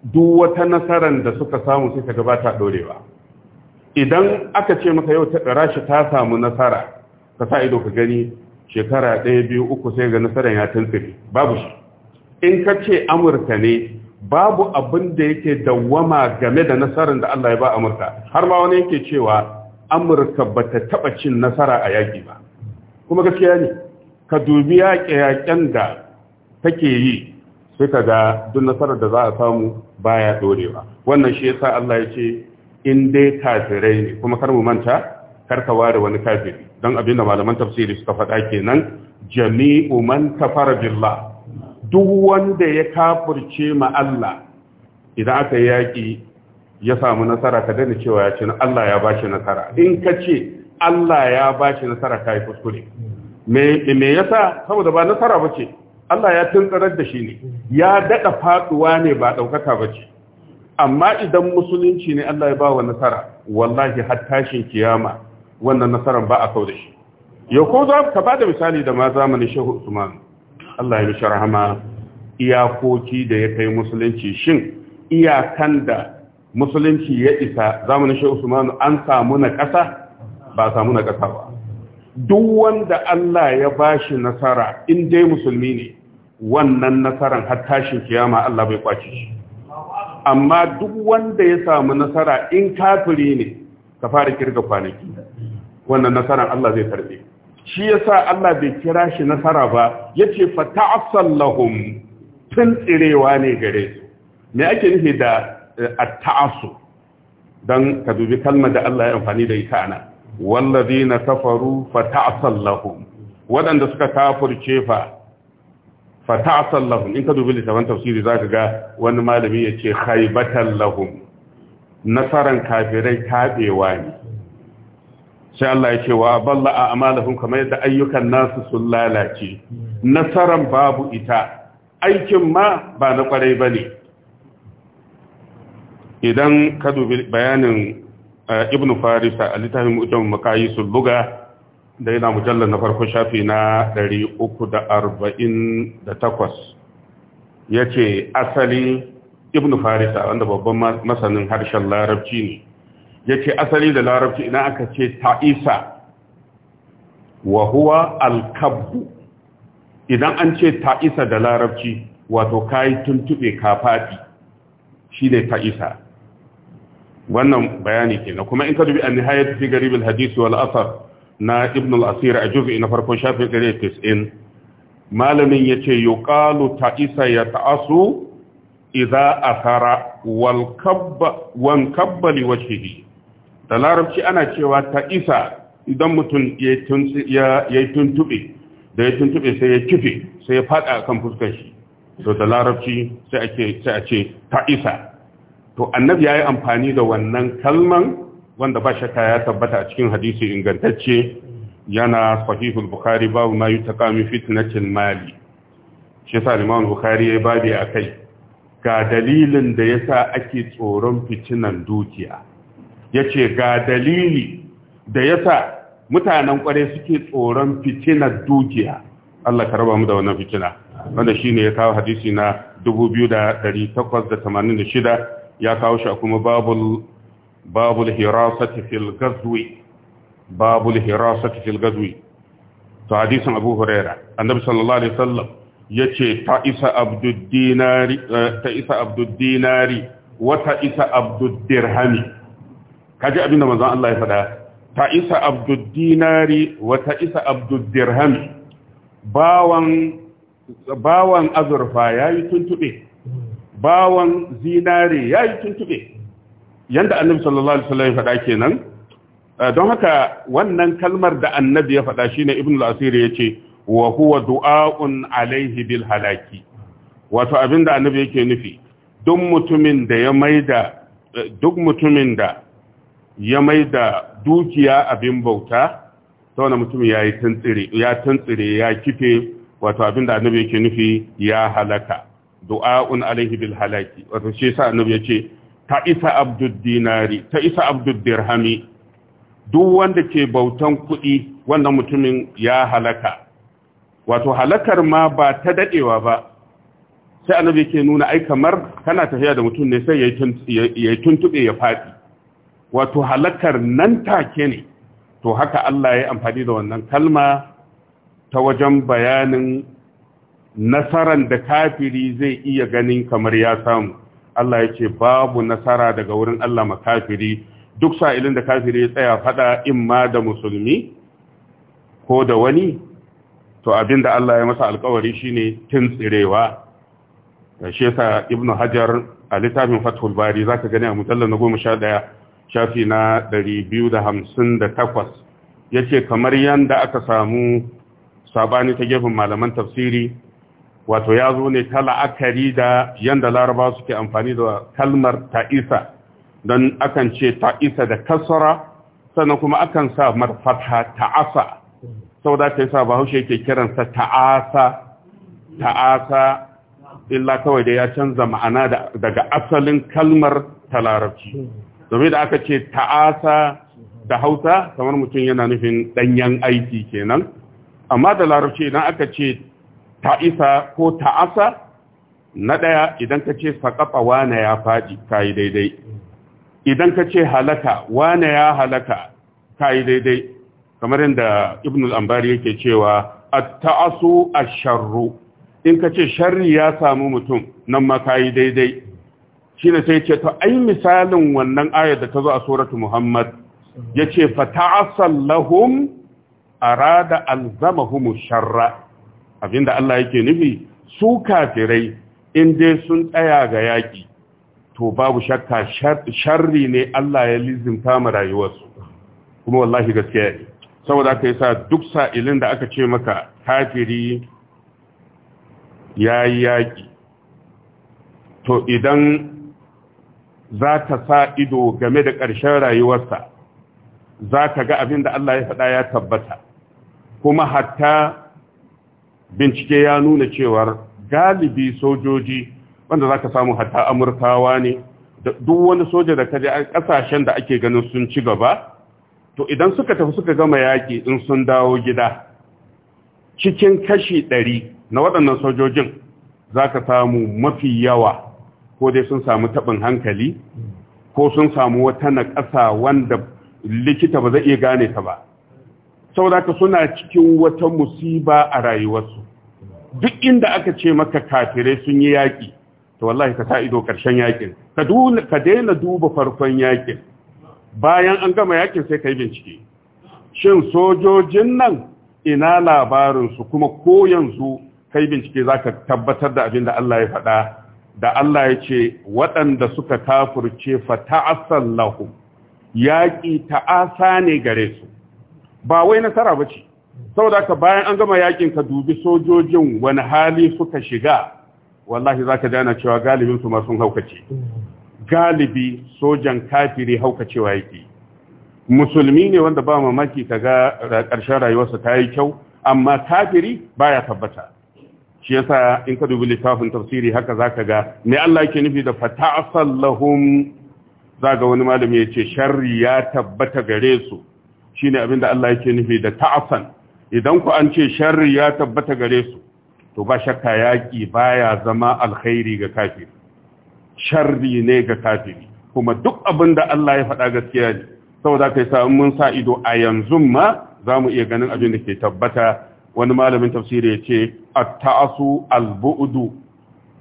duk wata nasarar da suka samu sai ka gabata ɗorewa idan aka ce maka yau rasha ta samu nasara ka sa ido ka gani shekara ɗaya biyu uku sai ga nasarar ya tuntsiri babu shi in ka ce amurka ne babu abin da yake dawwama game da nasarar da allah ya ba amurka har ma wani yake cewa amurka ba ta taɓa cin nasara a yaƙi ba kuma gaskiya ne ka dubi yaƙe-yaƙen da take yi sai ka ga duk nasarar da za a samu baya ɗorewa wannan shi yasa Allah ya ce in dai kafirai ne kuma kar mu manta kar ka ware wani kafiri don abin da malaman tafsiri suka faɗa kenan jami'u man kafara billah duk wanda ya kafirce ma Allah idan aka yi yaƙi ya samu nasara ka dana cewa ya ce Allah ya bashi nasara in ka ce Allah ya bashi nasara ka yi kuskure me yasa saboda ba nasara ba ce Allah ya tunkarar da shi ne ya dada faduwa ne ba ɗaukaka ba ce amma idan musulunci ne Allah ya bawa nasara wallahi har tashin kiyama wannan nasaran ba a kau da shi Ya ko za ka ba misali da ma zamanin shehu usman Allah ya mishi rahama iyakoki da ya kai musulunci shin iyakan da musulunci ya isa zamanin shi usmanu an samu na ƙasa ba samu na ƙasa ba duk wanda Allah ya bashi nasara in dai musulmi ne wannan nasaran har tashin kiyama Allah bai kwace shi amma duk wanda ya samu nasara in kafiri ne ka fara kirga kwanaki wannan nasaran Allah zai tarbe shi yasa Allah bai kira shi nasara ba yace fa tun tsirewa ne gare su me ake nufi da at-ta'assub dan ka dubi kalmar da Allah ya amfani da ita ana wallazina kafaru fata'sal lahum wadanda suka kafirce fa fata'sal lahum in ka dubi littafin za ka ga wani malami yace khaybatan lahum nasaran kafirai tabewa ne sai Allah ya ce wa balla a'malahum kamar yadda ayyukan nasu sun lalace nasaran babu ita aikin ma ba na kwarai bane idan ka dubi bayanin eh, ibn farisa a littafin mutum makayi su buga da yana mujallar na farko shafi na 348 ya ce asali ibn farisa wanda babban masanin harshen larabci ne ya ce asali da larabci ina aka ce ta'isa wa huwa alkabbu idan an ce ta'isa da larabci wato kayi tuntube ka faɗi shi ne ta'isa wannan bayani kenan kuma in ka dubi a nihayar fi garib al wal athar na ibn al asir a juz'i na farkon shafin 190 malamin yace ta isa ya ta'asu idza athara wal kabba wan kabba da larabci ana cewa isa idan mutum ya yi tuntube da ya tuntube sai ya kife sai ya fada kan fuskar shi to da larabci sai a ce ta'isa to annabi ya yi amfani da wannan kalman wanda ba shakka ya tabbata a cikin hadisi ingantacce yana sahihul bukhari babu ma yutaka min fitnatil mali shi sa imam bukhari yayi babi akai ga dalilin da yasa ake tsoron fitinan dukiya yace ga dalili da yasa mutanen kware suke tsoron fitinan dukiya Allah ka raba mu da wannan fitina wanda shine ya kawo hadisi na 2886 ya kawo shi kuma babul babul hirasati fil gazwi babul hirasati fil gazwi to hadisin Abu Huraira annabi sallallahu alaihi wasallam yace ta isa abdud dinari eh, ta isa abdud dinari wa ta isa abdud dirhami kaji abinda manzon Allah ya faɗa ta isa abdud dinari wa ta isa abdud dirhami bawan bawan azurfa yayi tuntube bawan zinare ya yi tuntube yadda annabi sallallahu alaihi wasallam ya faɗa kenan eh, don haka wannan kalmar da annabi ya faɗa shine ibn al-asiri yace wa huwa du'a'un alaihi bil halaki wato abinda annabi yake nufi duk mutumin da ya maida eh, duk mutumin da ya maida dukiya abin bauta ta wani tantsire ya yi tantsire ya kife wato abinda annabi yake nufi ya halaka du'a'un alaihi bil halaki wato shi yasa annabi yace ta isa abdud dinari ta isa abdud dirhami duk wanda ke bautan kuɗi wannan mutumin ya halaka wato halakar ma ba ta dadewa ba sai annabi yake nuna ai kamar kana tafiya da mutum ne sai ya tuntube ya faɗi wato halakar nan take ne to haka Allah ya amfani da wannan kalma ta wajen bayanin nasaran da kafiri zai iya ganin kamar ya samu Allah ya ce babu nasara daga wurin Allah ma kafiri duk sa'ilin da kafiri ya tsaya fada ma da musulmi ko da wani to abinda Allah ya masa alkawari shine tsirewa. shi yasa Ibn Hajar a littafin Fathul Bari zaka gani a mujallal na 11 shafi na 258 yace kamar yanda aka samu sabani ta gefen malaman tafsiri wato ya zo ne ta la'akari da yanda laraba suke amfani da kalmar ta'isa don akan ce ta'isa da kasara sannan kuma akan sa marfata ta'asa sau da ta yi sa bahaushe ke kiransa ta'asa ta'asa illa kawai da ya canza ma'ana daga asalin kalmar ta larabci domin da aka ce ta'asa da hausa kamar mutum yana nufin ɗanyen aiki kenan amma da larabci idan aka ce ta'isa ko ta'asa na ɗaya idan ka ce saƙaɓa wane ya faɗi ka yi daidai idan ka ce halaka wane ya halaka yi daidai kamar yadda ibn al'ambari yake cewa a ta'asu a sharru in ka ce sharri ya samu mutum nan ma ka yi daidai shi da sai ce to ai misalin wannan ayar da ta zo a suratu muhammad ya ce fata'asan lahum arada alzamahumu sharra abinda Allah yake nufi su kafirai in dai sun tsaya ga yaƙi to babu shakka sharri ne Allah ya lizimta mu rayuwarsu kuma wallahi gaskiya ne saboda aka yi sa duk sa'ilin da aka ce maka kafiri ya yi yaƙi to idan za ka sa ido game da ƙarshen rayuwarsa za ka ga abin da Allah ya faɗa ya tabbata kuma hatta bincike ya nuna cewar galibi sojoji wanda za ka samu hatta amurkawa ne duk wani soja da kaje a kasashen da ake ganin sun ci gaba to idan suka tafi suka gama yaƙi in sun dawo gida cikin kashi ɗari na waɗannan sojojin za ka samu mafi yawa ko dai sun samu taɓin hankali ko sun samu wata na naƙasa wanda likita ba zai iya gane ta ba saboda ka suna cikin wata musiba a rayuwarsu duk inda aka ce maka kafirai sun yi yaƙi to wallahi ka sa ido ƙarshen yaƙin ka daina duba farkon yaƙin bayan an gama yaƙin sai ka yi bincike shin sojojin nan ina labarinsu kuma ko yanzu ka yi bincike za ka tabbatar da abin da Allah ya faɗa da Allah ya ce waɗanda suka kafurce fa ta'asan lahum yaƙi ta'asa ne gare su ba wai nasara ba ce saboda ka bayan an gama yakin ka dubi sojojin wani hali suka shiga wallahi za ka dana cewa galibin su masu haukace galibi sojan kafiri haukacewa yake musulmi ne wanda ba mamaki ka ga ƙarshen rayuwarsa ta yi kyau amma kafiri baya tabbata shi yasa in ka dubi littafin tafsiri haka zaka ga me Allah yake nufi da fata'asal Za zaga wani malami yace sharri ya tabbata gare su shine abin da Allah yake nufi da ta'asan idan ku an ce sharri ya tabbata gare su to ba shakka yaƙi baya zama alkhairi ga kafiri sharri ne ga kafiri kuma duk abin da Allah ya faɗa gaskiya ne saboda kai sa mun sa ido a yanzu ma za mu iya ganin abin da ke tabbata wani malamin tafsiri ya ce at-ta'asu al-bu'du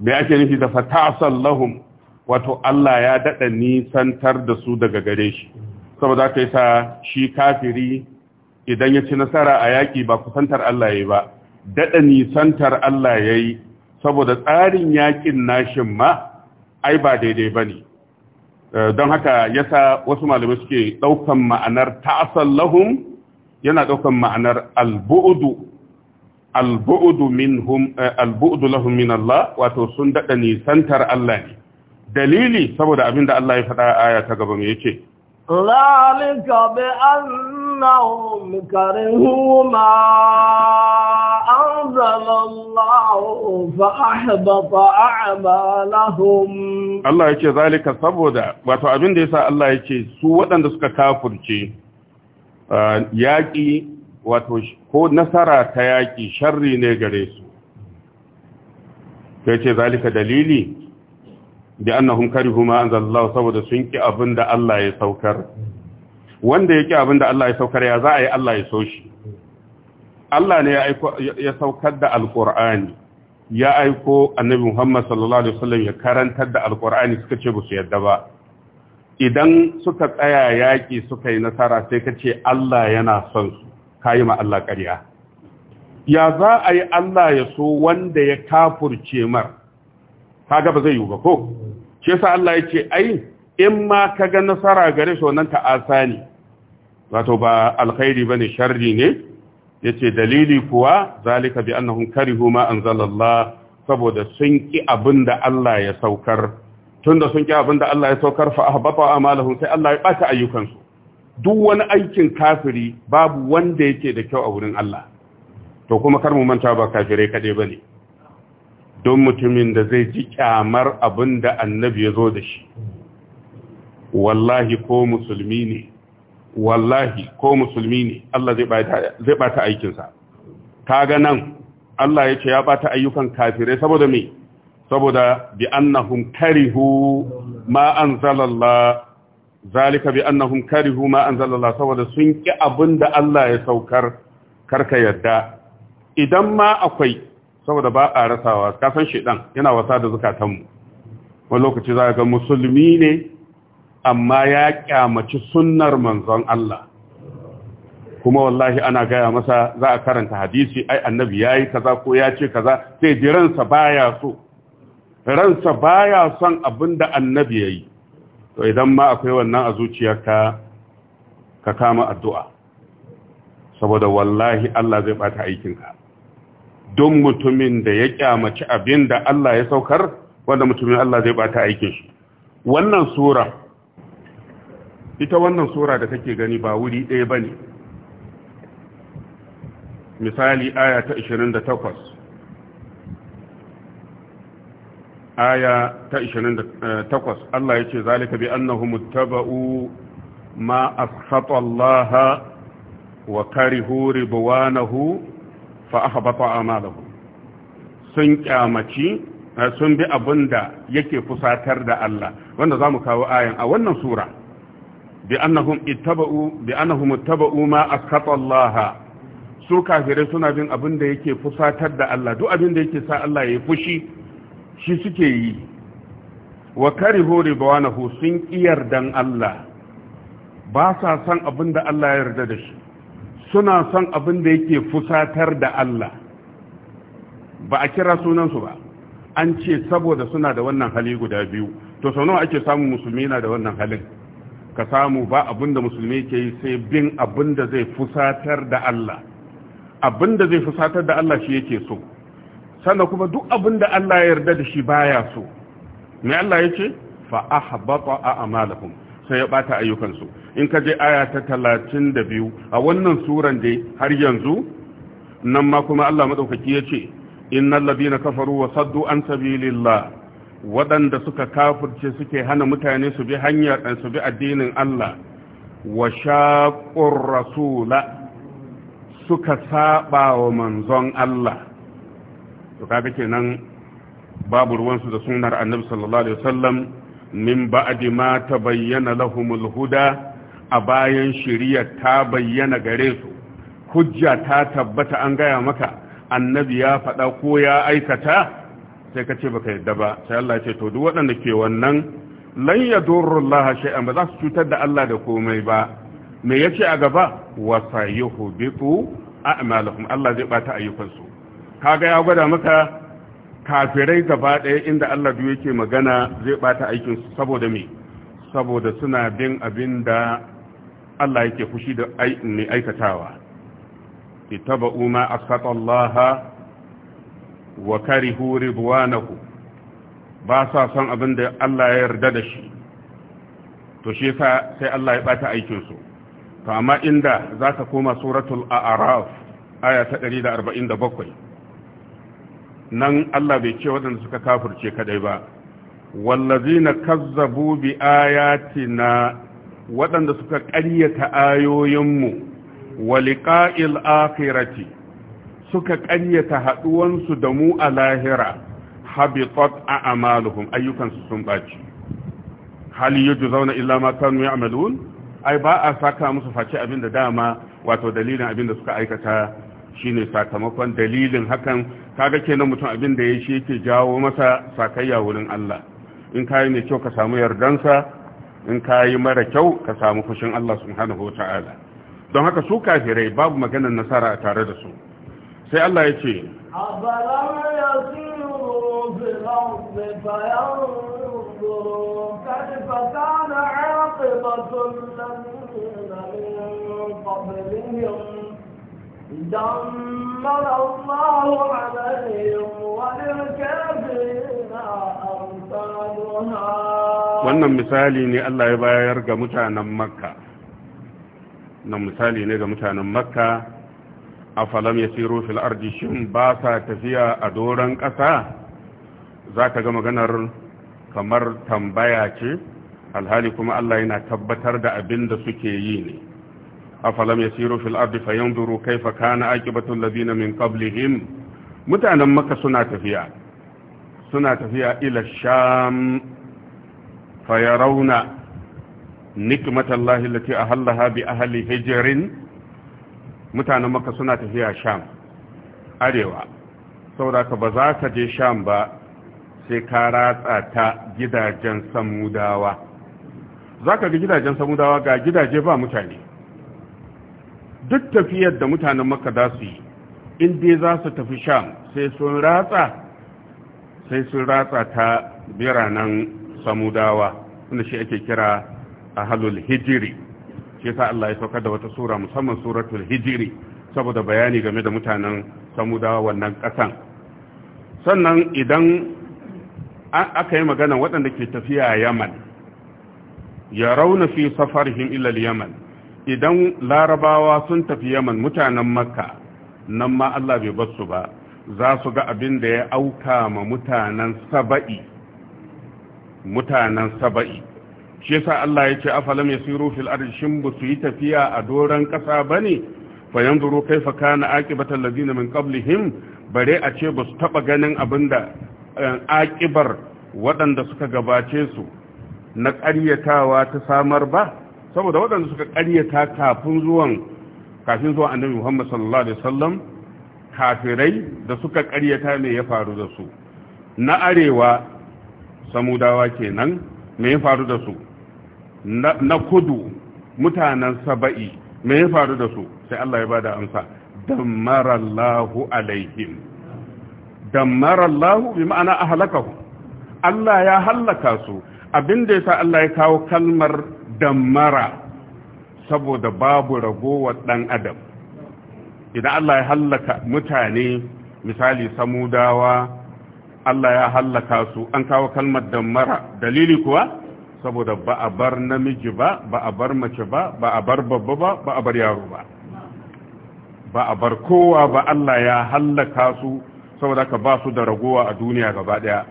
me ake nufi da fata'asan lahum wato Allah ya daɗa nisantar da su daga gare shi saboda ka yi sa shi kafiri idan ya ci nasara a yaƙi ba kusantar Allah ya yi ba daɗa nisantar Allah ya yi saboda tsarin yaƙin nashin ma ai ba daidai ba ne eh, don haka yasa wasu malamai suke ɗaukan ma'anar ta'asallahum yana ɗaukan ma'anar albu'udu albu'udu minhum eh, albu'udu lahum min Allah wato sun daɗa nisantar Allah ne dalili saboda abin da Allah ya faɗa a aya ta gaba mai yake Láàrínkà bẹ́ aláwọn mẹ́kàrí húnmá a ń zàlọ Allah ya ce za saboda, wato abin da ya sa Allah ya ce su waɗanda suka kafurce, yaƙi wato ko nasara ta yaƙi, shari ne gare su. Ya ce za dalili bi annahum karihu ma anzalallahu saboda sun ki abin da Allah ya saukar wanda ya ƙi abin da Allah ya saukar ya za a yi Allah ya so shi Allah ne ya aiko ya saukar da alqur'ani ya aiko annabi Muhammad sallallahu alaihi wasallam ya karantar da alqur'ani suka ce ba su yadda ba idan suka tsaya yaƙi suka yi nasara sai ka ce Allah yana son su kayi ma Allah ƙarya ya za a yi Allah ya so wanda ya kafurce mar kaga ba zai yiwu ba ko shi yasa Allah yake ai in ma kaga nasara gare shi wannan ta'asa ne wato ba alkhairi bane sharri ne yace dalili kuwa zalika bi annahum karihu ma anzalallah saboda sun ki abinda Allah ya saukar tunda sun ki abinda Allah ya saukar fa ahbata amalahum sai Allah ya bata ayyukansu duk wani aikin kafiri babu wanda yake da kyau a wurin Allah to kuma kar mu manta ba kafirai kade bane don mutumin da zai ji kyamar abin da annabi ya zo da shi wallahi ko musulmi ne wallahi ko musulmi ne Allah zai bata aikinsa ga nan Allah ya ce ya bata ayyukan kafirai saboda me saboda bi annahum karihu ma anzalallah zalika bi annahum karihu ma an zalalla saboda sun ki abinda Allah ya saukar karka yadda idan ma akwai saboda ba a rasawa kasan shedan yana wasa da zukatanmu wani lokaci za ga musulmi ne amma ya kyamaci sunnar manzon Allah kuma wallahi ana gaya masa za a karanta hadisi ai annabi yayi kaza ko ya ce kaza sai ji ransa baya so ransa baya son abinda annabi yayi to idan ma akwai wannan a zuciyarka ka kama addu'a saboda wallahi Allah zai bata aikinka don mutumin da ya kyamaci abin da Allah ya saukar wanda mutumin Allah zai bata aikin shi wannan sura ita wannan sura da kake gani ba wuri ɗaya ba ne misali aya ta 28 aya ta 28 Allah ya ce zalika bi annahu ittaba'u ma a Allah wa karihu ribwanahu fa ahbata a'malahum sun kyamaci eh, sun bi abinda yake fusatar da Allah wanda zamu kawo ayan a wannan sura bi annahum ittaba'u bi ma asqata Allah su kafirai suna bin abinda yake fusatar da Allah duk abin da yake sa Allah ya fushi shi suke yi wa karihu ribwanahu sun kiyar dan Allah ba sa son da Allah ya yarda da shi suna son abin da yake fusatar da Allah ba a kira sunansu ba an ce saboda suna da wannan hali guda biyu to sau nawa ake samun musulmi na da wannan halin ka samu ba abin da musulmi ke yi sai bin abin da zai fusatar da Allah abin da zai fusatar da Allah shi yake so sannan kuma duk abin da Allah ya yarda da shi baya so me Allah ya ce fa a a'malakum sai ya bata ayyukansu in ka je aya ta talatin da biyu a wannan suran dai har yanzu nan ma kuma Allah maɗaukaki ya ce innal ladina kafaru wa saddu an sabilillah waɗanda suka kafirce suke hana mutane su bi hanyar eh, su bi addinin Allah wa shaqur rasula suka saba wa manzon Allah to kaga kenan babu ruwansu da sunar annabi sallallahu alaihi wasallam min ba'di ma tabayyana lahumul huda a bayan shirya ta bayyana gare su hujja ta tabbata an gaya maka annabi ya faɗa ko ya aikata sai ka ce baka yadda ba sai Allah ce to duk waɗanda ke wannan lan yadurru Allah shay'an ba za su cutar da Allah da komai ba me yace a gaba wa sayuhbitu a'malukum Allah zai bata ayyukan Ka kaga ya gwada maka kafirai gaba ɗaya inda Allah duk yake magana zai bata aikin su saboda me saboda suna bin abin da Allah yake fushi da mai aikatawa ittaba'u ma asqata Allah wa karihu ridwanahu ba sa son abin da Allah ya yarda da shi to shi fa sai Allah ya bata aikin su to amma inda zaka koma suratul a'raf aya ta 147 nan Allah bai ce waɗanda suka kafirce kadai ba wallazina kazzabu bi ayatina waɗanda suka ƙaryata ayoyinmu wa liƙa'il akhirati suka ƙaryata haɗuwansu da mu a lahira habitat a'maluhum ayyukansu sun baci hal zauna illa ma kanu ya'malun ai ba a saka musu face abin da dama wato dalilin abin da suka aikata shine sakamakon dalilin hakan kaga kenan mutum abin da ya shi yake jawo masa sakayya wurin Allah in kai mai kyau ka samu yardansa in ka yi mara kyau ka samu fushin Allah subhanahu wa ta'ala don haka su kafirai babu maganar nasara a tare da su sai Allah ya ce كيف كان عاقبة الذين من قبلهم دمر الله عليهم وللكافرين wannan misali ne Allah ya bayar ga mutanen Makka na misali ne ga mutanen Makka afalam yasiru fil ardi shin ba sa tafiya a doron ƙasa za ka ga maganar kamar tambaya ce alhali kuma Allah yana tabbatar da abin da suke yi ne afalam yasiru fil ardi fayanzuru kaifa kana aqibatu alladhina min qablihim mutanen makka suna tafiya suna tafiya ila sham fayarawna nikmatallahi allati ahallaha bi ahli hijrin mutanen makka suna tafiya sham arewa saboda ka ba za ka je sham ba sai ka ratsa ta gidajen samudawa za ka ga gidajen samudawa ga gidaje ba mutane duk tafiyar da mutanen maka za su yi inda dai za su tafi sham sai sun ratsa sai sun ratsa ta biranen samudawa wanda shi ake kira a ahalul hijiri shi sa Allah ya sauka da wata sura musamman suratul hijiri saboda bayani game da mutanen samudawa wannan kasan sannan idan aka yi magana waɗanda ke tafiya a yaman ya rauna fi safarihim ilal yaman idan larabawa sun tafi yaman mutanen makka nan ma Allah bai basu ba za su ga abin da ya auka ma mutanen saba'i mutanen saba'i shi yasa Allah yake afalam yasiru fil ardi shin bu su yi tafiya a doran kasa bane fa yanzuru kaifa kana aqibatal ladina min qablihim bare a ce ba su taba ganin abinda eh, aqibar waɗanda suka gabace su na ƙaryatawa ta samar ba saboda waɗanda suka ƙaryata kafin zuwan kafin zuwan annabi Muhammad sallallahu alaihi wasallam kafirai da suka ƙaryata ne ya faru da su na arewa samudawa kenan me ya faru da su na kudu mutanen saba'i me ya faru da su sai Allah ya bada amsa damarallahu alaihim damarallahu bi ma'ana ahlakahu Allah ya halaka su abinda yasa Allah ya kawo kalmar dammara saboda babu ragowar ɗan adam idan Allah ya hallaka mutane misali samudawa Allah ya hallaka su an kawo kalmar dammara dalili kuwa saboda ba a bar namiji ba ba a bar mace ba ba a bar babba ba ba a bar yaro ba ba a bar kowa ba Allah ya hallaka su saboda ka ba su da ragowa a duniya gaba daya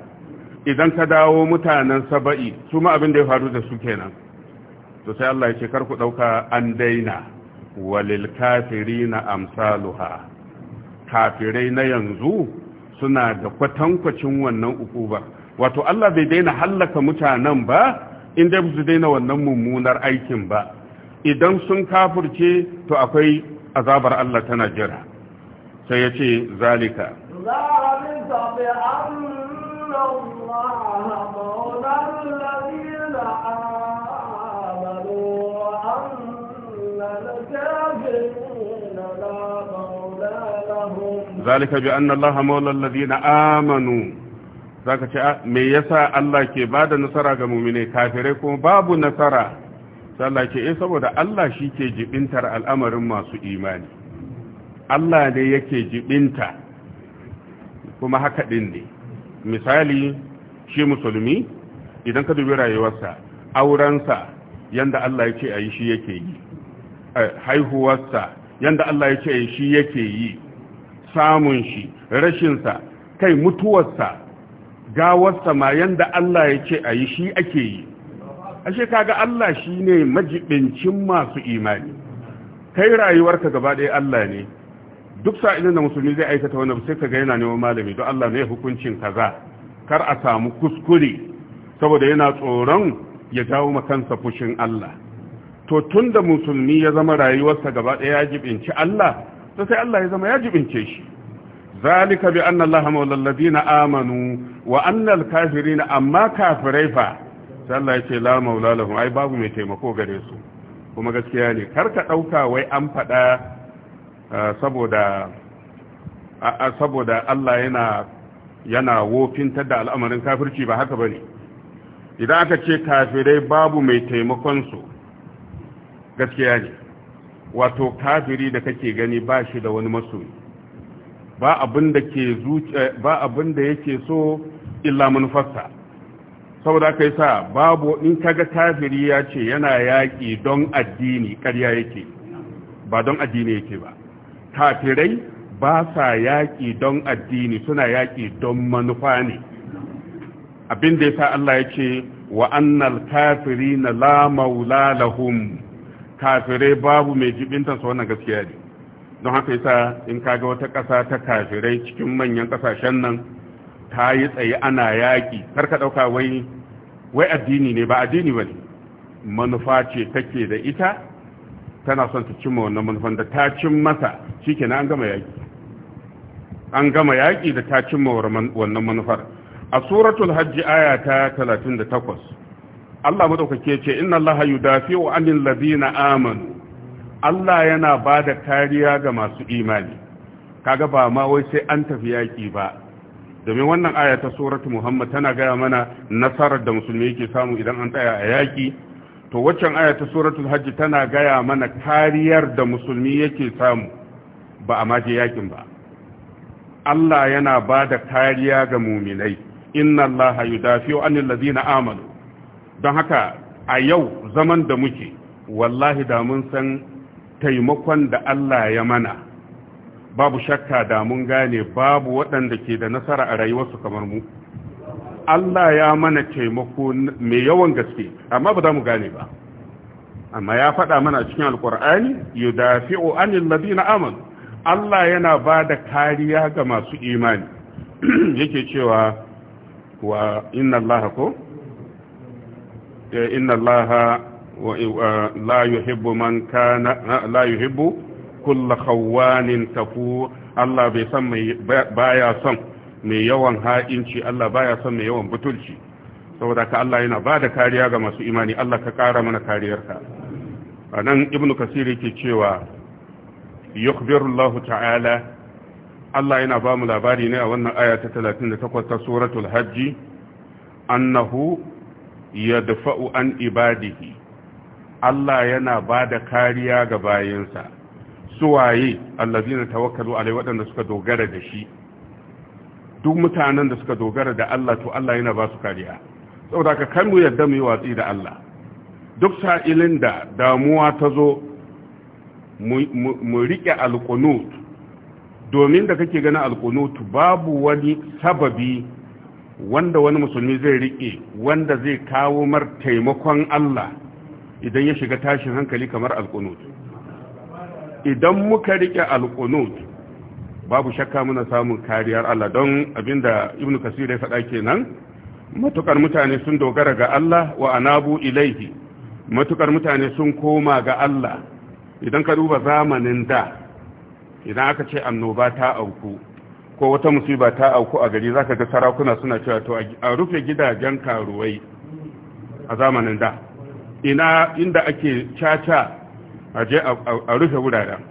idan ka dawo mutanen saba'i su ma abin da ya faru da su kenan to sai Allah ya ce kar ku dauka an daina walil kafirina amsaluha kafirai na yanzu suna da kwatankwacin wannan ukuba wato Allah bai daina hallaka mutanen ba in dai su daina wannan mummunar aikin ba idan sun kafurce to akwai azabar Allah tana jira sai ya ce zalika Allah ذلك بأن الله na الذين آمنوا zaka ce me yasa Allah ke ba da nasara ga mu'mine kafirai kuma babu nasara sai Allah saboda Allah shi ke jibintar al'amarin masu imani Allah ne yake jibinta kuma haka ɗin ne misali shi musulmi idan ka dubi rayuwarsa aurensa yanda Allah ya ce a yi shi yake yi eh, haihuwarsa yanda Allah ya ce shi yake yi samun shi rashinsa kai mutuwarsa gawarsa ma yanda Allah ya ce a yi shi ake yi ashe kaga Allah shi ne majibincin masu imani kai rayuwarka gaba ɗaya Allah ne duk sa'ilin da musulmi zai aikata wani sai kaga yana neman malami don Allah ne hukuncin kaza kar a samu kuskure saboda yana tsoron ya jawo makansa fushin Allah to tun da musulmi ya zama rayuwarsa gaba ɗaya ya jibinci Allah to sai Allah ya zama ya jibince shi zalika bi anna Allah na ladina amanu wa anna al na amma kafirai fa sai Allah ya ce la ai babu mai taimako gare su kuma gaskiya ne kar ka ɗauka wai an faɗa ah, saboda ah, ah, saboda Allah yana yana wofintar da al'amarin kafirci ba haka bane idan aka ce kafirai babu mai taimakonsu gaskiya ne wato kafiri da kake gani ba shi da wani masoyi ba abin da ke eh, yake so illa manufarsa saboda aka yi sa babu in kaga kafiri ya ce yana yaƙi don addini ƙarya yake ba don addini yake ba kafirai ba sa yaƙi don addini suna yaƙi don manufa ne abin da ya yasa Allah ya yake wa annal kafirina la maula lahum kafirai babu mai jibinta su wannan gaskiya ne don haka yasa in kaga wata ƙasa ta kafirai cikin manyan ƙasashen nan ta yi tsaye ana yaƙi kar ka ɗauka wai wai addini ne ba addini ba ne manufa ce take da ita tana son ta cimma wannan manufan da ta cin masa shikenan an gama yaƙi an gama yaƙi da ta cimma wannan manufar a suratul hajji aya ta 38 Allah madaukake ce inna allaha yudafi'u 'anil ladina amanu Allah yana ba da kariya ga masu imani kaga ba ma wai sai an tafi yaki ba domin wannan aya ta suratu Muhammad tana gaya mana nasarar da musulmi yake samu idan an tsaya a yaki to waccan aya ta suratul hajj tana gaya mana kariyar da musulmi yake samu ba a maje yakin ba Allah yana ba da kariya ga muminai inna allaha yudafi'u anil ladina amanu don haka a yau zaman da muke wallahi da mun san taimakon da Allah ya mana babu shakka da mun gane babu waɗanda ke da nasara a rayuwarsu kamar mu Allah ya mana taimako mai yawan gaske amma ba za mu gane ba amma ya faɗa mana cikin alkur'ani yudafi'u anil ladina amanu Allah yana ba da kariya ga masu imani yake cewa wa inna allaha ko eh, inna allaha eh, la yuhibbu man kana la yuhibbu kullu khawanin Allah bai san mai baya son mai yawan ha'inci Allah baya son mai yawan butulci saboda ka Allah yana bada kariya ga masu imani Allah ka kara mana kariyarka anan ibnu kasir yake cewa yukhbiru Allah ta'ala Allah yana ba mu labari ne a wannan aya ta 38 ta suratul hajji annahu yadfa'u an ibadihi Allah yana ba da kariya ga bayinsa suwaye allazina tawakkalu alai waɗanda suka dogara da shi duk mutanen da suka dogara da Allah to Allah yana ba su kariya saboda ka kan yadda mu yi watsi da Allah duk sa'ilin da damuwa ta zo mu riƙe alkunu. domin da kake ganin alkunutu babu wani sababi wanda wani musulmi zai rike wanda zai kawo mar taimakon Allah idan ya shiga tashin hankali kamar alkunutu idan muka rike alkunutu babu shakka muna samun kariyar Allah don abinda ibnu kasir ya faɗa kenan matukar mutane sun dogara ga Allah wa anabu ilaihi matukar mutane sun koma ga Allah idan ka duba zamanin da idan aka ce annoba ta auku ko wata musiba ta auku a gari za ka ga sarakuna suna cewa to a rufe gidajen karuwai a zamanin da ina inda ake caca a je a rufe wuraren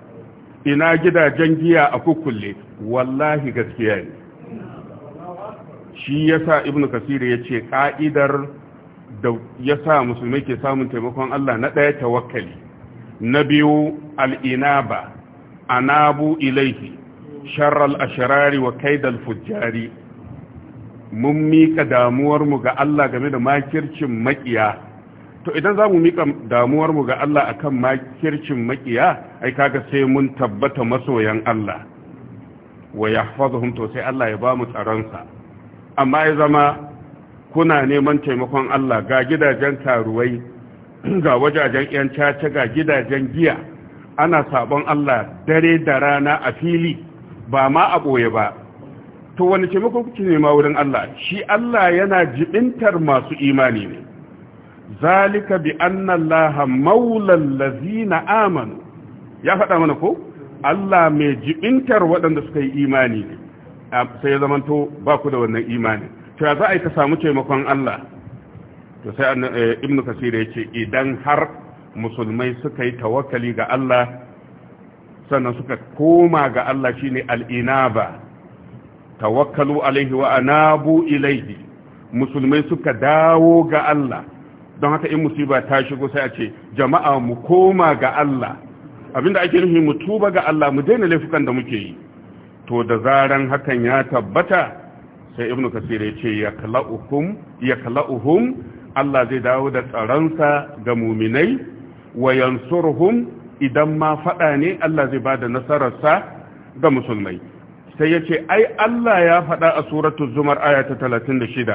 ina gidajen giya a kukulle wallahi gaskiya ne shi ya sa Ibn kasiri ya ce ka'idar da ya sa musulmai ke samun taimakon Allah na ɗaya tawakkali na biyu al'inaba anabu ilaihi sharral ashrari wa kaidal fujjari mun mika damuwarmu ga Allah game da makircin makiya to idan za mu mika damuwarmu ga Allah akan makircin makiya ai kaga sai mun tabbata masoyan Allah wa yahfazuhum to sai Allah ya ba mu tsaronsa amma ya zama kuna neman taimakon Allah ga gidajen taruwai, ga wajajen yan caca ga gidajen giya ana sabon Allah dare da rana a fili ba ma a ɓoye ba to wani taimako kuke nema wurin Allah shi Allah yana jibintar masu imani ne zalika bi annallaha Allah lazina amanu ya faɗa mana ko Allah mai jibintar waɗanda suka yi imani ne sai ya zamanto ba ku da wannan imani to ya za a yi ka samu taimakon Allah to sai eh, ibnu kasir ya ce idan har musulmai suka yi tawakali ga Allah sannan suka koma ga Allah shine al-inaba tawakkalu alaihi wa anabu ilaihi musulmai suka dawo ga Allah don haka in musiba ta shigo sai a ce jama'a mu koma ga Allah abinda ake nufi mu tuba ga Allah mu daina laifukan da muke yi to da zaran hakan ya tabbata sai ibnu kasir ya ce yakla'uhum yakla'uhum Allah zai dawo da tsaronsa ga muminai wa yansurhum idan ma faɗa ne Allah zai ba da nasararsa ga musulmai sai ya ce ai Allah ya faɗa a suratu zumar aya ta 36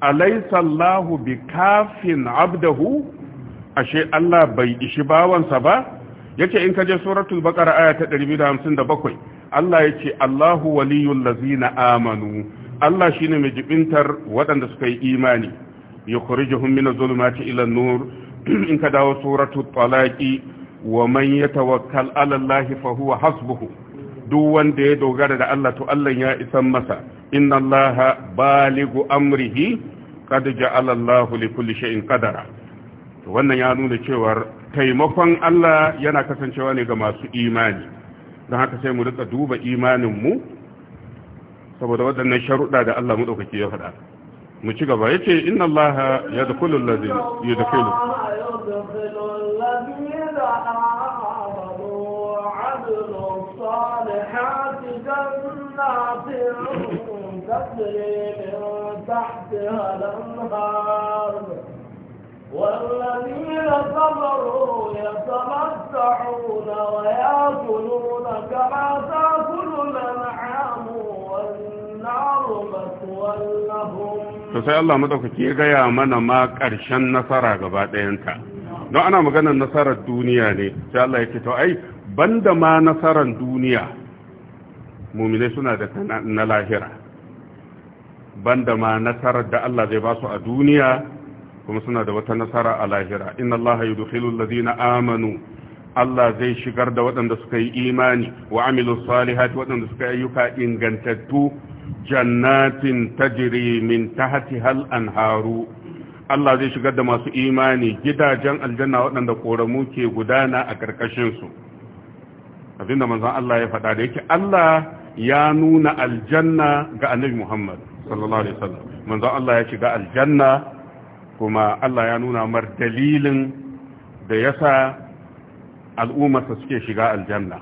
alaysa Allahu bikafin abdahu ashe Allah bai ishi bawansa ba yace in ka je suratul baqara aya ta 257 Allah yace Allahu waliyul ladzina amanu Allah shine mai jibintar waɗanda suka yi imani yukhrijuhum minaz zulumati ila nur in ka dawo suratu talaqi wa man yatawakkal ala Allah fa huwa hasbuhu duk wanda ya dogara da Allah to Allah ya isan masa inna Allah baligu amrihi qad ja'ala Allah li kulli shay'in qadara to wannan ya nuna cewa taimakon Allah yana kasancewa ne ga masu imani don haka sai mu rika duba imanin mu saboda waɗannan sharuɗa da Allah mu ɗaukaki ya faɗa mu ci gaba yace inna allaha yadkhulu alladhina yadkhulu تجري من تحتها الأنهار والذين صبروا يتمتعون ويأكلون كما تأكل الأنعام to sai Allah madaukaki ya gaya mana ma ƙarshen nasara gaba ɗayanta don ana maganar nasarar duniya ne sai Allah ya ce to ai banda ma nasarar duniya muminai suna da na lahira banda ma nasarar da Allah zai ba su a duniya kuma suna da wata nasara a lahira inna Allah yudkhilul ladina amanu Allah zai shigar da waɗanda suka yi imani wa amilu salihati waɗanda suka yi ayyuka ingantattu jannatin tajri min tahtiha al-anharu Allah zai shigar da masu imani gidajen aljanna waɗanda ƙoramu ke gudana a ƙarƙashinsu abinda manzan Allah ya faɗa da yake Allah ya nuna aljanna ga annabi Muhammad sallallahu alaihi wasallam manzan Allah ya shiga aljanna kuma Allah ya nuna mar dalilin da yasa al'ummarsa suke shiga aljanna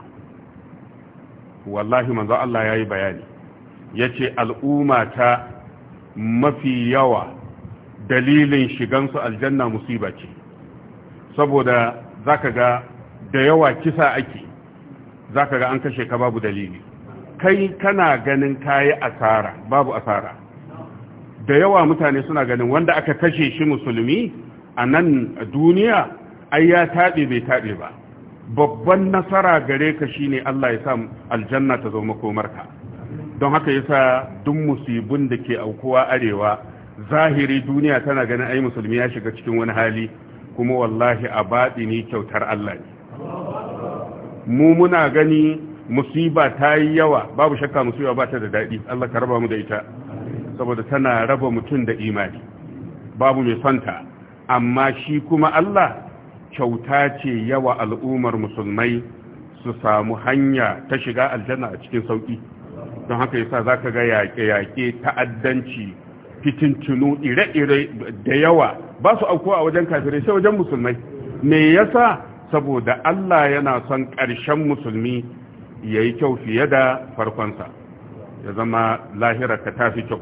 wallahi manzan Allah ya yi bayani ya ce al'ummata mafi yawa dalilin shigansu aljanna musiba ce saboda za ka ga da yawa kisa ake za ga an kashe ka babu dalili kai kana ganin kayi asara babu asara da yawa mutane suna ganin wanda aka kashe shi musulmi a nan duniya ai ya taɓe bai taɓe ba babban nasara gare ka shine Allah ya sa aljanna ta zo makomarka don haka yasa duk musibin da ke aukuwa arewa zahiri duniya tana ganin ai musulmi ya shiga cikin wani hali kuma wallahi a ne kyautar Allah ne mu muna gani musiba ta yi yawa babu shakka musiba ba ta da daɗi Allah ka raba mu da ita saboda tana raba mutum da imani babu mai santa amma shi kuma Allah kyauta ce yawa al'ummar musulmai su samu hanya ta shiga aljanna a cikin sauƙi don haka yasa za ka ga yaƙe-yaƙe ta'addanci fitintunu ire-ire da yawa ba su aukuwa a wajen kafirai sai wajen musulmai me yasa saboda Allah yana son ƙarshen musulmi ya yi kyau fiye da farkonsa ya zama lahira ka tafi kyau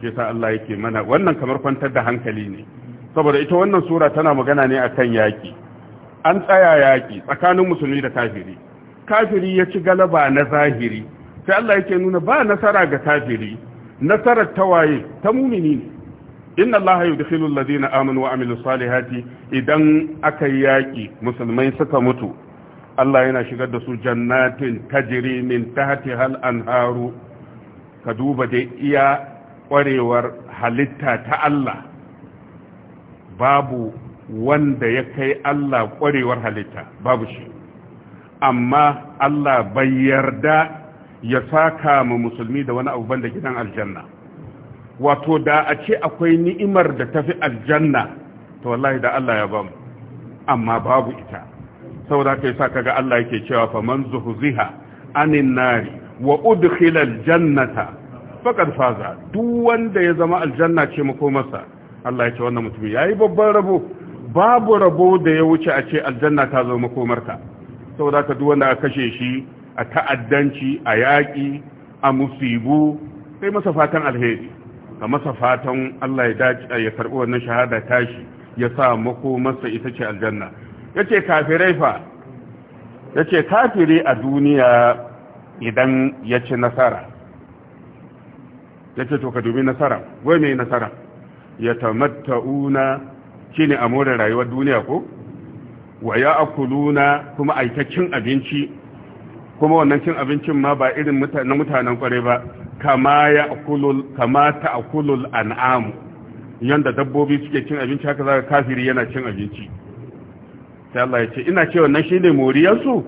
shi yasa Allah yake mana wannan kamar kwantar da hankali ne saboda ita wannan sura tana magana ne akan yaƙi an tsaya yaƙi tsakanin musulmi da kafiri kafiri ya ci galaba na zahiri sai Allah yake nuna ba nasara ga kafiri nasarar tawaye ta mumini ne inna Allah yudkhilu alladhina amanu wa amilus salihati idan aka yaki musulmai suka mutu Allah yana shigar da su jannatin tajri min tahtiha al-anharu ka duba da iya kwarewar halitta ta Allah babu wanda ya kai Allah kwarewar halitta babu shi amma Allah bai yarda ya saka ma musulmi da wani abu banda gidan aljanna wato da a ce akwai ni'imar da tafi aljanna to wallahi da Allah ya bamu amma babu ita saboda kai sa ga Allah yake cewa fa man zuhziha anin nar wa udkhila aljannata faqad faza duk wanda ya zama aljanna ce makomarsa Allah ya ce wannan mutum yayi babban rabo babu rabo da ya wuce a ce aljanna ta zama makomarka saboda ka duk wanda aka kashe shi a ta'addanci a yaƙi a musibu sai masa fatan alheri ka masa fatan Allah ya dace ya karɓi wannan shahada tashi ya sa mako masa ita ce aljanna yace kafirai fa yace kafiri a duniya idan ya ci nasara yace to ka dubi nasara wai mai nasara ya tamatta'una shine a more rayuwar duniya ko wa akuluna kuma aikacin abinci kuma wannan cin abincin ma ba irin na mutanen kwarai ba kama ya akulul kama ta akulul an'am yanda dabbobi suke cin abinci haka zaka kafiri yana cin abinci sai Allah ya ce ina ce wannan shine moriyar su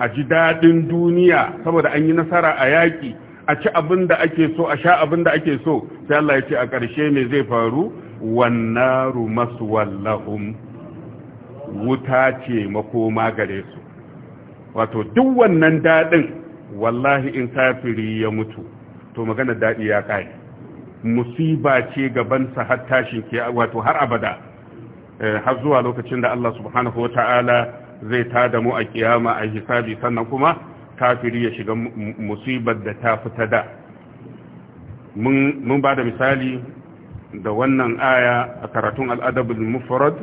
a ji daɗin duniya saboda an yi nasara a yaki a ci abin da ake so a sha abin da ake so sai Allah ya ce a ƙarshe me zai faru wannaru maswallahum wuta ce makoma gare su wato duk wannan daɗin wallahi in kafiri ya mutu to magana daɗi ya ƙare musiba ce gabansa har tashin ke wato har abada eh, har zuwa lokacin da Allah subhanahu wa ta'ala zai da mu a kiyama a hisabi sannan kuma kafiri ya shiga musibar da ta fita da mun ba da misali da wannan aya a karatun al'adabul mufrad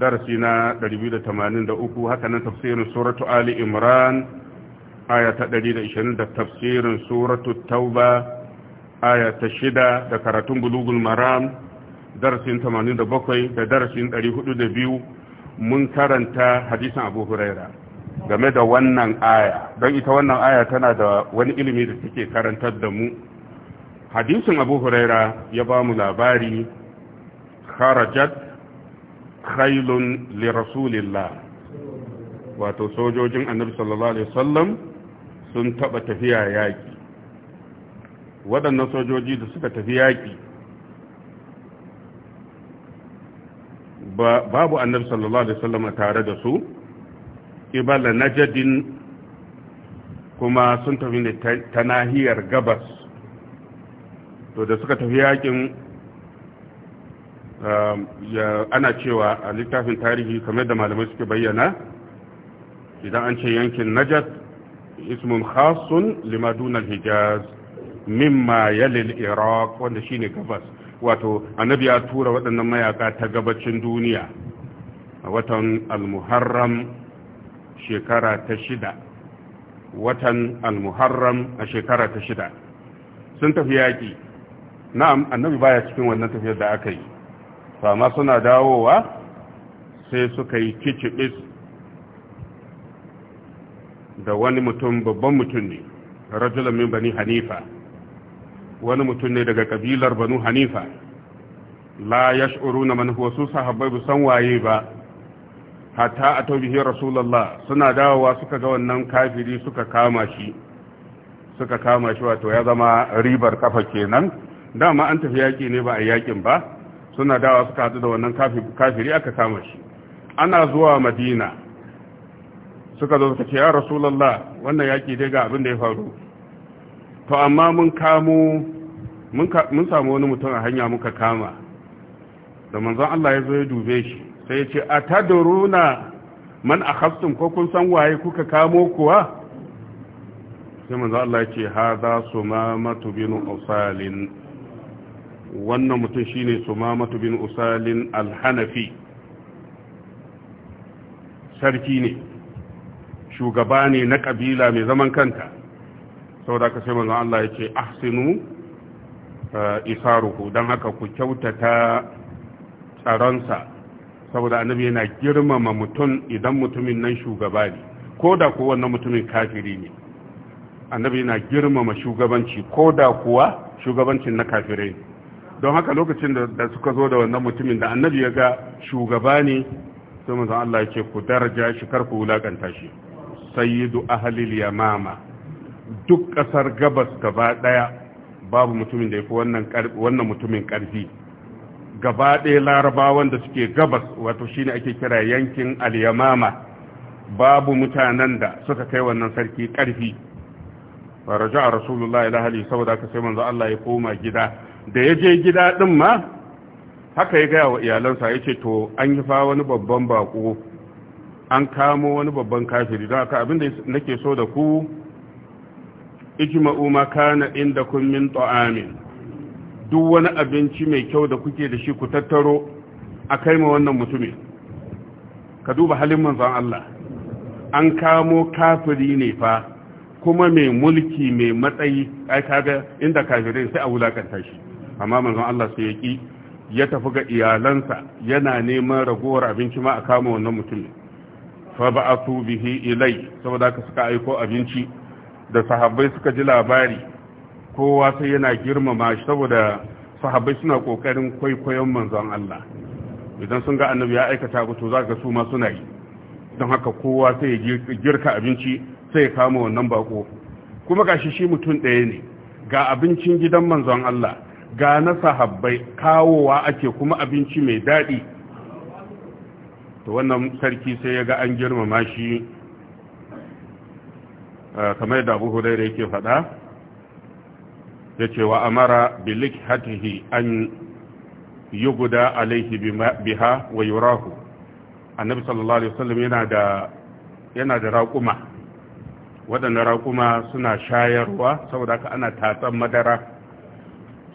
darasi na 283 haka nan tafsirin suratu ali imran aya ta 120 da tafsirin suratu tauba aya ta 6 da karatun bulugul maram darasin 87 da darasin 402 mun karanta hadisin abu huraira game da wannan aya don ita wannan aya tana da wani ilimi da take karantar da mu hadisin abu huraira ya ba mu labari kharajat khailun li rasulillah wato sojojin annabi sallallahu alaihi wasallam sun taba tafiya yaki waɗannan sojoji da suka tafi yaki babu annabi sallallahu alaihi wasallam tare da su ibala najadin kuma sun tafi ne ta nahiyar gabas to da suka tafi yakin Um, ana cewa a littafin tarihi kamar da malamai suke bayyana idan an ce yankin najat ismun khasun limadunan hijaz mimma yalil iraq wanda shine gabas wato annabi ya tura waɗannan mayaka ta gabacin duniya a watan al-muharram shekara ta shida watan al a shekara ta shida sun tafi yaƙi na'am annabi baya cikin wannan tafiyar da aka yi Fama suna dawowa sai suka yi kicibis da wani mutum babban mutum ne bani hanifa wani mutum ne daga kabilar banu hanifa la yash'uruna man huwa su sahabbai bu san waye ba hatta a taubihi rasulullah suna dawowa suka ga wannan kafiri suka kama shi suka kama shi wato ya zama ribar kafa kenan dama an tafi yaki ne ba a yaƙin ba suna dawa suka hadu da wannan kafiri aka kama shi ana zuwa madina suka zo suka ce ya rasulallah wannan yaki dai ga abin da ya faru to amma mun kamo mun samu wani mutum a hanya muka kama da manzon Allah ya zo ya dube shi sai ya ce a man akhastum ko kun san waye kuka kamo kuwa sai manzon Allah ya ce hadha sumamatu bin usalin wannan mutum shine sumamatu bin usalin alhanafi sarki ne shugaba ne na kabila mai zaman kanta saboda ka sai manzon Allah ya ce ahsinu eh, isaruhu don haka ku kyautata tsaronsa saboda annabi yana girmama mutum idan mutumin nan shugaba ne ko da kuwa wannan mutumin kafiri ne annabi yana girmama shugabanci ko da kuwa shugabancin na kafirai don haka lokacin da suka zo da wannan mutumin da annabi ya ga shugaba ne sai manzon Allah ya ku daraja shi kar ku wulakanta shi sayidu ahlil yamama duk ƙasar gabas gaba ɗaya babu mutumin da ya fi wannan mutumin ƙarfi. gaba ɗaya larabawan da suke gabas wato shine ake kira yankin al babu mutanen da suka kai wannan sarki ƙarfi karfi a rasulullahi alaihi saboda aka sai manzo Allah ya koma gida da ya je gida ɗin ma haka ya gaya wa iyalansa ya ce to an yi fa wani babban bako an kamo wani babban kafiri don haka abinda nake so da ku ijma'u ma kana inda kun min ta'amin duk wani abinci mai kyau da kuke da shi ku tattaro a kai ma wannan mutumin ka duba halin manzon Allah an kamo kafiri ne fa kuma mai mulki mai matsayi ai kaga inda kafirin sai a wulakanta shi amma manzon Allah sai ya ki ya tafi ga iyalansa yana neman ragowar abinci ma a kama wannan mutumin fa ba'athu bihi ilai saboda ka suka aiko abinci da sahabbai suka ji labari kowa sai yana girmama shi saboda sahabbai suna kokarin kwaikwayon manzon Allah idan sun ga annabi ya aikata abu to zaka su ma suna yi don haka kowa sai ya girka abinci sai ya kama wannan bako kuma gashi shi mutum ɗaya ne ga abincin gidan manzon Allah ga na sahabbai kawowa ake kuma abinci mai daɗi to wannan sarki sai ya ga an girmama shi kamar da abu hudai yake faɗa ya ce wa amara bilik hatihi an yi guda alaihi biha wa yurahu annabi sallallahu alaihi wasallam yana da raƙuma waɗanda raƙuma suna shayarwa saboda haka ana tatsan madara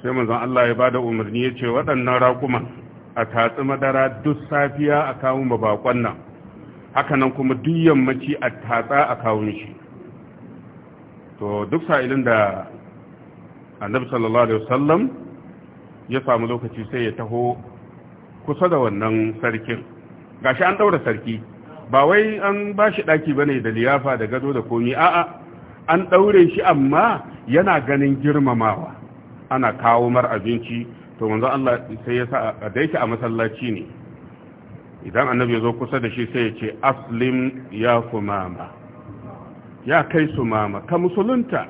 sai manzon Allah ya bada umarni ya ce waɗannan raƙuman a tatsi madara duk safiya a kawo ba bakon nan hakanan kuma duk yammaci a tatsa a kawo shi to duk sa'ilin da annabi sallallahu alaihi wasallam ya samu lokaci sai ya taho kusa da wannan sarkin gashi an daura sarki ba wai an ba shi ɗaki ba ne da liyafa da gado da komi a'a an daure shi amma yana ganin girmamawa ana kawo mar abinci to manzo Allah sai ya sa a daiki a masallaci ne idan annabi ya zo kusa da shi sai ya ce aslim ya kumama ya kai su mama ka musulunta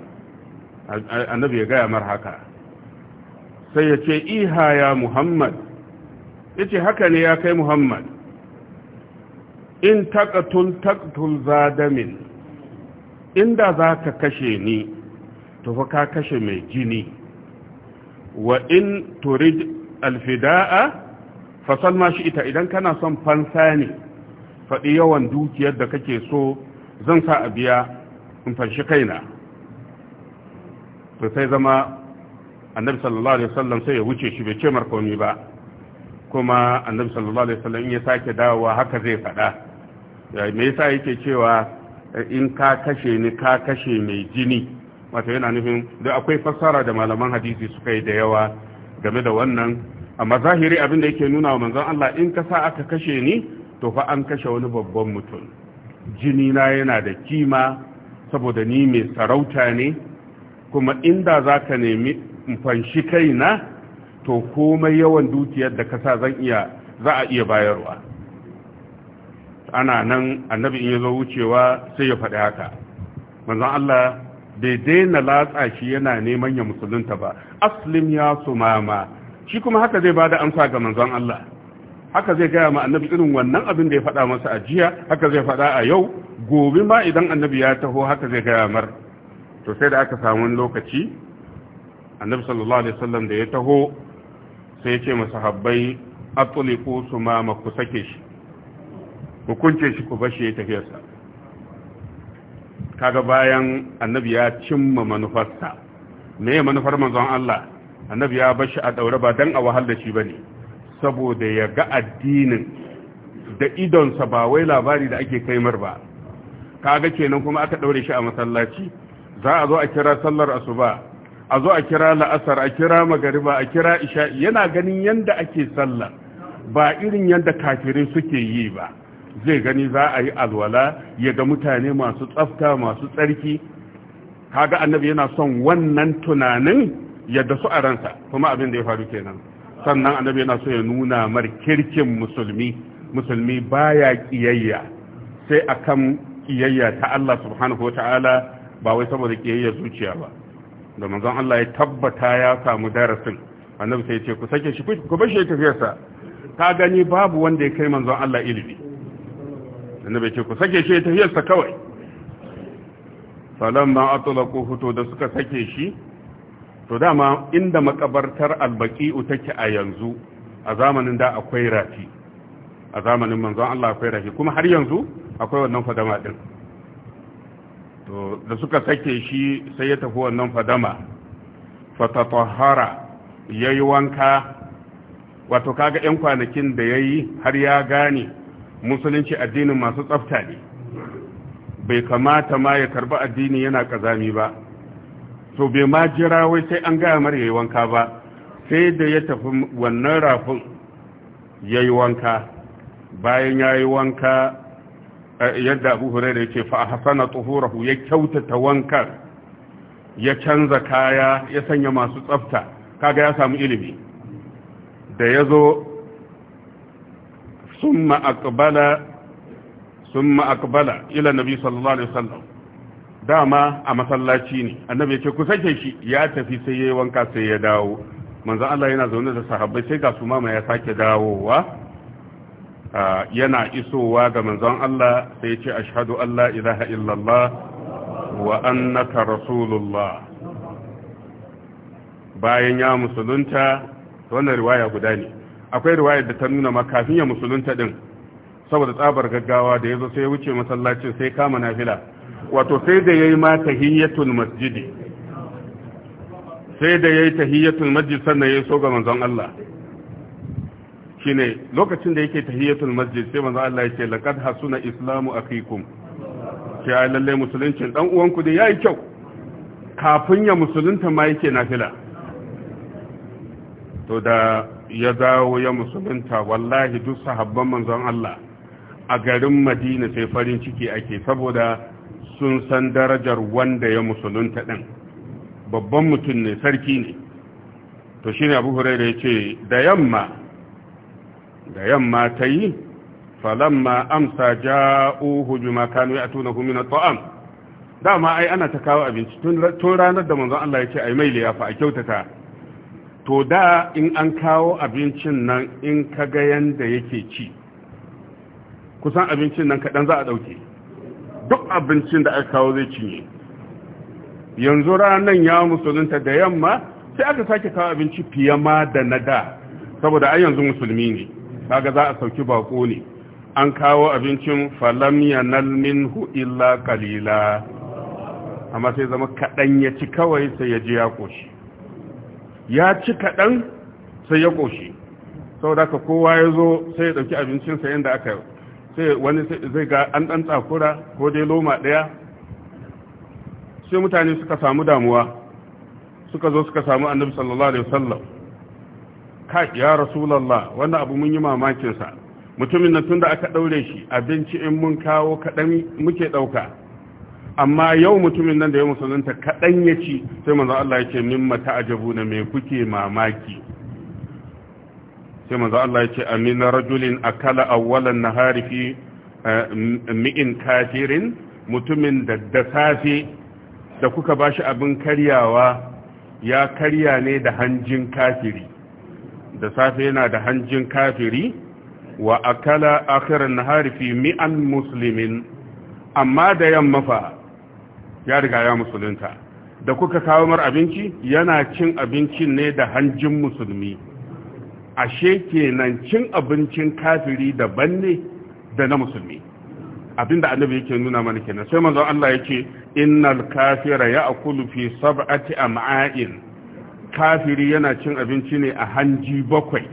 annabi ya gaya mar haka sai ya ce iha ya muhammad ya ce haka ne ya kai muhammad in takatul takatul zadamin inda za ka kashe ni to ka kashe mai jini wa in turid alfida'a fasal shi ita idan kana son fansa ne faɗi yawan dukiyar da kake so zan sa a biya in fanshi kaina to sai zama annabi sallallahu alaihi wasallam sai ya wuce shi bai ce markomi ba kuma annabi sallallahu alaihi wasallam in ya sake dawowa haka zai faɗa me yasa yake cewa eh, in ka kashe ni ka kashe mai jini wata yana nufin da akwai fassara da malaman hadisi suka yi da yawa game da wannan amma zahiri abin da yake nuna wa manzon Allah in ka sa aka kashe ni to fa an kashe wani babban mutum jini na yana da kima saboda ni mai sarauta ne kuma inda zaka nemi in fanshi kaina to komai yawan dukiyar da ka sa zan iya za a iya bayarwa ana nan annabi in ya zo wucewa sai ya faɗi haka manzon Allah bai daina latsa shi yana neman ya musulunta ba aslim ya sumama shi kuma haka zai bada amsa ga manzon Allah haka zai gaya ma annabi irin wannan abin da ya faɗa masa a jiya haka zai faɗa a yau gobe ma idan annabi ya taho haka zai gaya mar to sai da aka samu lokaci annabi sallallahu alaihi wasallam da ya taho sai ya ce masahabbai atuliku sumama ku sake shi ku kunce shi ku bashi ya tafiyarsa kaga bayan annabi ya cimma manufarsa me ya manufar manzon Allah annabi ya bashi a daure ba dan a wahal da shi bane saboda ya ga addinin da idon sa ba wai labari da ake kaimar ba kaga kenan kuma aka daure shi a masallaci za a zo a kira sallar asuba a zo a kira la'asar a kira magariba a kira isha yana ganin yanda ake sallah ba irin yanda kafirin suke yi ba zai gani za a yi alwala ya ga mutane masu tsafta masu tsarki kaga annabi yana son wannan tunanin yadda su a ransa kuma abin da ya faru kenan sannan annabi yana so ya nuna mar kirkin musulmi musulmi baya kiyayya sai akan kiyayya ta Allah subhanahu wataala ba wai saboda kiyayya zuciya ba da manzon Allah ya tabbata ya samu darasin annabi sai ya ce ku sake shi ku bar shi tafiyarsa ka gani babu wanda ya kai manzon Allah ilimi annabi ce ku sake shi hiyarsa kawai ma atlaqu hutu da suka sake shi to dama inda makabartar albaqi'u take a yanzu a zamanin da akwai rafi a zamanin manzon Allah akwai rafi kuma har yanzu akwai wannan fadama din to da suka sake shi sai ya tafi wannan fadama fatatahara yayi wanka wato kaga yan kwanakin da yayi har ya gane musulunci addinin masu tsafta ne bai kamata ma ya karba addini yana kazami ba to bai ma jira wai sai an gaya mar yayi wanka ba sai da ya tafi wannan rafin yayi wanka bayan yayi wanka eh, yadda Abu Hurairah yake fa hasana tuhurahu ya kyautata wankan ya canza kaya ya sanya masu tsafta kaga ya samu ilimi da ya zo. summa aqbala summa aqbala ila nabi sallallahu alaihi wasallam dama a masallaci ne annabi ya ce ku sake shi ya tafi sai yayi wanka sai ya dawo manzo Allah yana zaune da sahabbai sai ga su mama ya sake dawowa yana isowa ga manzon Allah sai ya ce ashhadu an la ilaha illallah wa annaka rasulullah bayan ya musulunta wannan riwaya guda ne akwai riwayar da ta nuna ma kafin ya musulunta din saboda tsabar gaggawa da yazo sai ya wuce masallacin sai kama nafila wato sai da yayi ma tahiyatul masjidi sai da yayi tahiyatul masjid sannan yi so ga manzon Allah shine lokacin da yake tahiyatul masjid sai manzon Allah yake laqad hasuna islamu akikum sai ai lalle musulunci dan uwanku da yayi kyau kafin ya musulunta ma yake nafila to da ya dawo ya musulunta wallahi duk sahabban manzon Allah a garin Madina sai farin ciki ake saboda sun san darajar wanda ya musulunta din babban mutum ne sarki ne to shine Abu Hurairah ce, da yamma da yamma tayi falamma amsa ja'uhu bima kanu ya'tunahu min at to'am? dama ai ana ta kawo abinci tun ranar da manzon Allah ya yace ai mai liyafa a kyautata to da in an kawo abincin nan in ka ga yanda yake ci kusan abincin nan kaɗan za a ɗauke duk abincin da aka kawo zai cinye yanzu ranar ya musulunta da yamma sai aka sake kawo abinci fiye ma da na da saboda an yanzu musulmi ne kaga za a sauki bako ne an kawo abincin falam yanal minhu illa qalila amma sai zama kaɗan ya ci kawai sai ya ji ya koshi ya ci kaɗan sai ya ƙoshi da ka kowa ya zo sai ya ɗauki abincinsa yadda aka sai wani zai ga an ɗan tsakura ko dai loma ɗaya sai mutane suka samu damuwa suka zo suka samu annabi sallallahu alaihi wasallam ka ya rasulullah wannan abu mun yi mamakinsa mutumin nan da aka ɗaure shi abinci in mun kawo kaɗan muke ɗauka amma yau mutumin nan da ya musulunta kaɗan ya ci sai manzo Allah ya ce min mata ajabu na mai kuke mamaki sai manzo Allah ya ce amin rajulin akala awwalan nahari fi eh, mi'in kafirin mutumin da da safe da kuka bashi abin karyawa ya karya ne da hanjin kafiri da safe yana da hanjin kafiri wa akala akhiran nahari fi mi'an muslimin amma da yamma fa ya riga ya musulunta da kuka kawo mar abinci yana cin abinci ne da hanjin musulmi ashe kenan cin abincin kafiri daban ne da na musulmi abinda annabi yake nuna mana kenan sai manzon Allah yake innal kafira ya'kulu fi sab'ati am'a'in kafiri yana cin abinci ne a hanji bakwai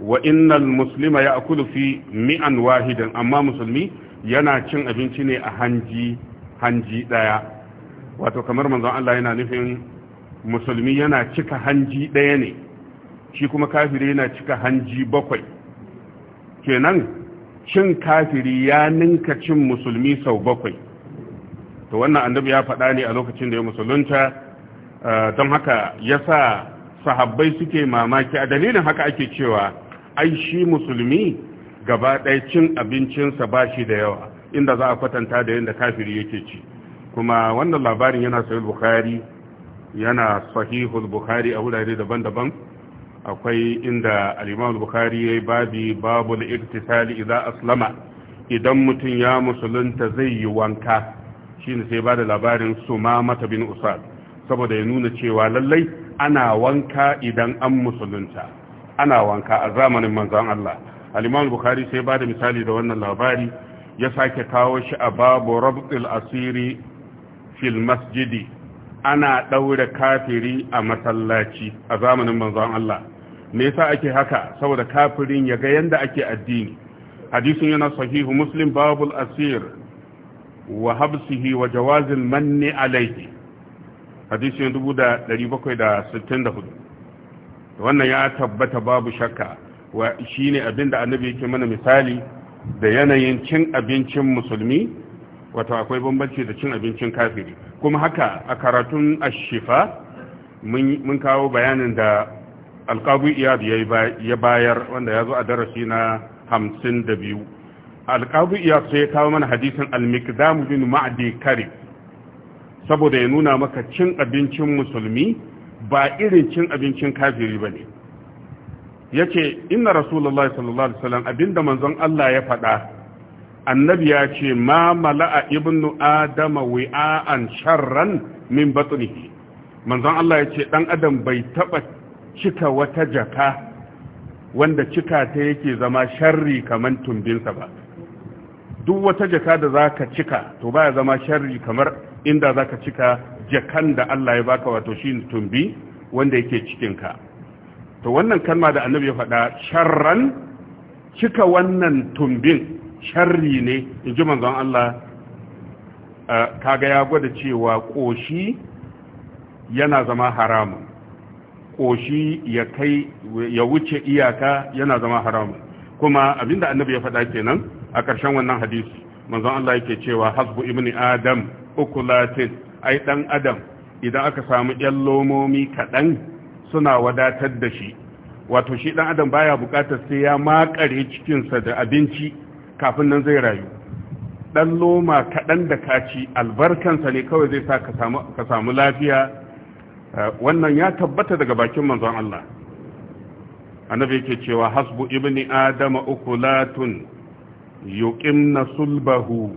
wa innal muslima ya'kulu fi mi'an wahidin amma musulmi yana cin abinci ne a hanji hanji ɗaya wato kamar manzon Allah yana nufin musulmi yana cika hanji ɗaya ne shi kuma kafiri yana cika hanji bakwai kenan cin kafiri ya ninka cin musulmi sau bakwai to wannan annabi ya faɗa ne a lokacin da ya musulunta eh, don haka ya sa sahabbai suke mamaki a dalilin haka ake cewa ai shi musulmi gaba ɗaya cin abincinsa ba shi da yawa inda za a kwatanta da yadda kafiri yake ci kuma wannan labarin yana sahih bukhari yana sahihul bukhari a wurare daban-daban akwai inda al-imam bukhari yayi babi babul iktisali idza aslama idan mutum ya musulunta zai yi wanka shine sai bada labarin sumamata bin usad saboda ya nuna cewa lallai ana wanka idan an musulunta ana wanka a zamanin manzon Allah al-imam bukhari sai bada misali da wannan labari ya sake kawo shi a babu rabtul asiri fil masjidi ana ɗaure kafiri a masallaci a zamanin manzon Allah me yasa ake haka saboda kafirin ya ga yanda ake addini hadisin yana sahihu muslim babu asir wa habsihi wa jawazil manni alayhi hadisin 1764 wannan ya tabbata babu shakka wa shine abinda annabi yake mana misali da yanayin cin abincin musulmi wato akwai bambanci da cin abincin kafiri kuma haka a karatun ashifa mun kawo bayanin da alkabu iyad ya bayar wanda ya zo a darasi na hamsin da biyu alkabu iyad sai ya kawo mana hadisin almikdam bin ma'adi kare saboda ya nuna maka cin abincin musulmi ba irin cin abincin kafiri ba ne yace inna rasulullahi sallallahu alaihi wasallam abinda manzon Allah ya faɗa annabi ya ce ma mala'a ibnu adama wi'an sharran min batnihi manzon Allah ya ce dan adam bai taba cika wata jaka wanda cika ta yake zama sharri kaman tumbinsa ba duk wata jaka da zaka cika to baya zama sharri kamar inda zaka cika jakan da Allah ya baka wato shine tumbi wanda yake cikin ka to wannan kalma da annabi ya faɗa sharran cika wannan tumbin sharri ne in ji manzon Allah kaga ya gwada cewa ƙoshi yana zama haramun ƙoshi ya kai ya wuce iyaka yana zama haramun kuma abinda annabi ya faɗa kenan a ƙarshen wannan hadisi manzon Allah yake cewa hasbu ibni adam ukulatin ai dan adam idan aka samu yan lomomi kaɗan suna wadatar da shi wato shi dan adam baya bukatar sai ya makare cikinsa da abinci kafin nan zai rayu dan loma kaɗan da kaci albarkansa ne kawai zai sa ka samu lafiya eh, wannan ya tabbata daga bakin manzon Allah annabi yake cewa hasbu ibni adama ukulatun yuqimna sulbahu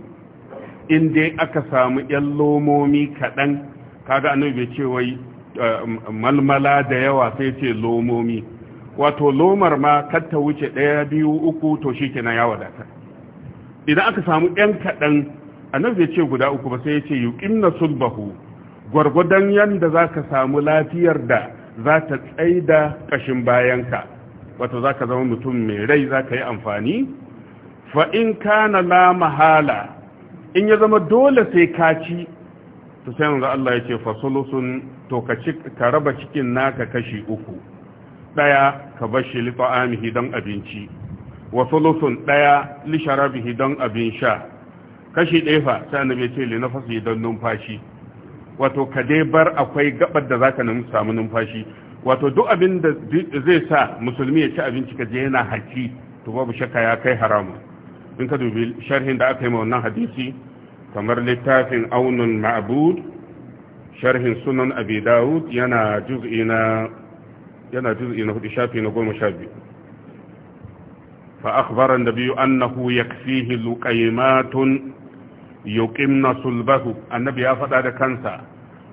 in dai aka samu yan lomomi kaɗan kaga annabi bai ce wai malmala da yawa sai ce lomomi wato lomar ma katta wuce ɗaya biyu uku to shi kenan ya wadatar idan aka samu ɗan kaɗan anan zai ce guda uku ba sai ya ce na sulbahu gwargwadon yadda za ka samu lafiyar da za ta da ƙashin bayanka wato za ka zama mutum mai rai za ka yi amfani fa'in kana la mahala in ya zama dole sai ka ci to sai manzo Allah ya ce fasulusun to ka ka raba cikin naka kashi uku daya ka bashi li ta'amihi dan abinci wa sulusun daya li sharabihi don abin sha kashi ɗaya fa sai annabi ya ce li nafasi don numfashi wato ka dai bar akwai gabar da zaka samu numfashi wato duk abin da zai sa musulmi ya ci abinci ka je yana haki to babu shakka ya kai haramu. in ka dubi sharhin da aka yi ma wannan hadisi kamar littafin aunin ma'bud sharhin sunan abi dawud yana juz'i na hudu shafi na goma sha biyu fa da biyu annahu yakfihi luqaymatun yuqimna sulbahu annabi ya faɗa da kansa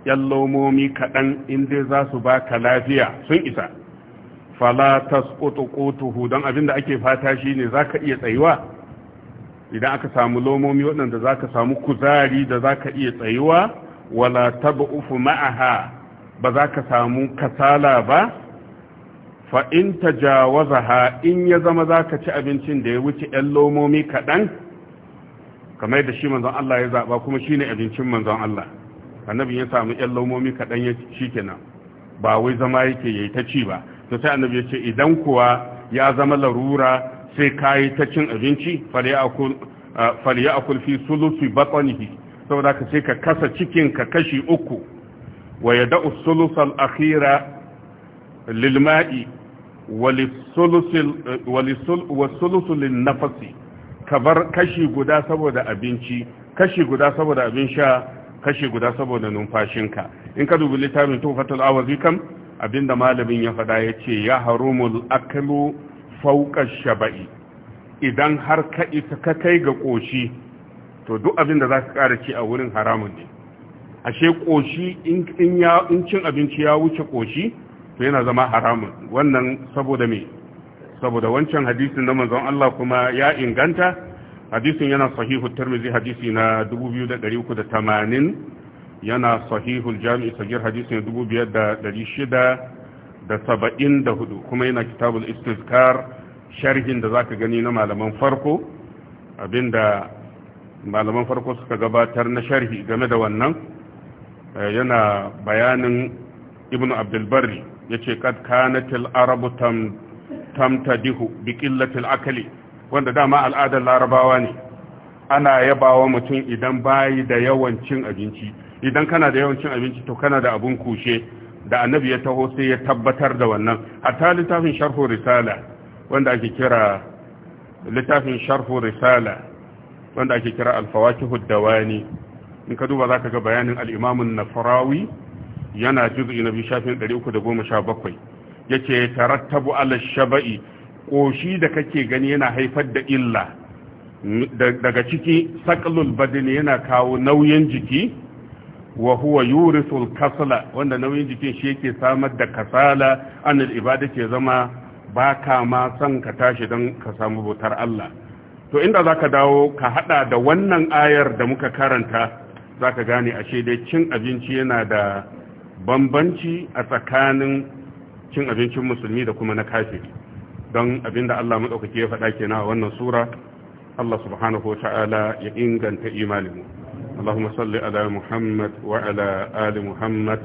yallomomi kaɗan in dai za su ba ka lafiya sun isa fala tasqutu qutuhu don abinda ake fata shine zaka iya tsayuwa idan aka samu lomomi waɗanda za ka samu kuzari da za ka iya tsayuwa wala taba ufu ma'aha ba za ka samu kasala ba fa'in ta jawaza ha in ya zama za ka ci abincin da ya wuce ‘yan lomomi kaɗan kamar da shi manzon Allah ya zaɓa kuma shi ne abincin manzon Allah annabi ya samu ‘yan lomomi kaɗan ya shi kenan ba wai zama yake ya yi ta ci ba to sai annabi ya ce idan kuwa ya zama larura sai kayi ta cin abinci faliya akul fi sulusi batsanihi saboda ka sai ka kasa cikin ka kashi uku wa ya da'u sulusan akhira lilma'i walisulisulin nafasi ka bar kashi guda saboda abinci kashi guda saboda abin sha kashi guda saboda numfashinka in ka dubi littafin tufatul awazi kam abinda malamin ya faɗa ya ce ya harumul akalu Fauƙa shaba'i idan har ka ita ka kai ga ƙoshi to duk abin da za ka ƙara ci a wurin haramun ne ashe ƙoshi in cin abinci ya wuce ƙoshi to yana zama haramun wannan saboda me saboda wancan hadisin na manzon Allah kuma ya inganta hadisin yana sahihu tarmizi hadisi na 2380 yana sahihul jami'i sagir hadisi na 2600 da saba'in da hudu kuma yana kitabul istizkar sharhin da zaka gani na malaman farko abinda malaman farko suka gabatar na sharhi game da wannan eh, yana bayanin ibnu abdulbari ya ce kad kanatil arabu tamtadihu bi qillatil akali wanda dama al'adar larabawa ne ana yabawa mutum idan bayi da yawan abinci idan kana da yawancin abinci to kana da abun kushe da annabi ya taho sai ya tabbatar da wannan hatta littafin sharhu risala wanda ake kira littafin sharhu risala wanda ake kira alfawakihu dawani in ka duba zaka ga bayanin al-imam an-nafrawi yana juz'i na shafin 317 yace tarattabu ala shabai koshi da kake gani yana haifar da illa daga ciki saqlul badani yana kawo nauyin jiki wa huwa yurisul kasala wanda nauyin jikin shi yake samar da kasala annal ibada ke zama ka ma son ka tashi don ka samu bautar Allah to inda zaka dawo ka hada da wannan ayar da muka karanta zaka gane ashe dai cin abinci yana da bambanci a tsakanin cin abincin musulmi da kuma na kafiri don abinda Allah madaukake ya faɗa kenan a wannan sura Allah subhanahu wa ta'ala ya inganta mu اللهم صل على محمد وعلى آل محمد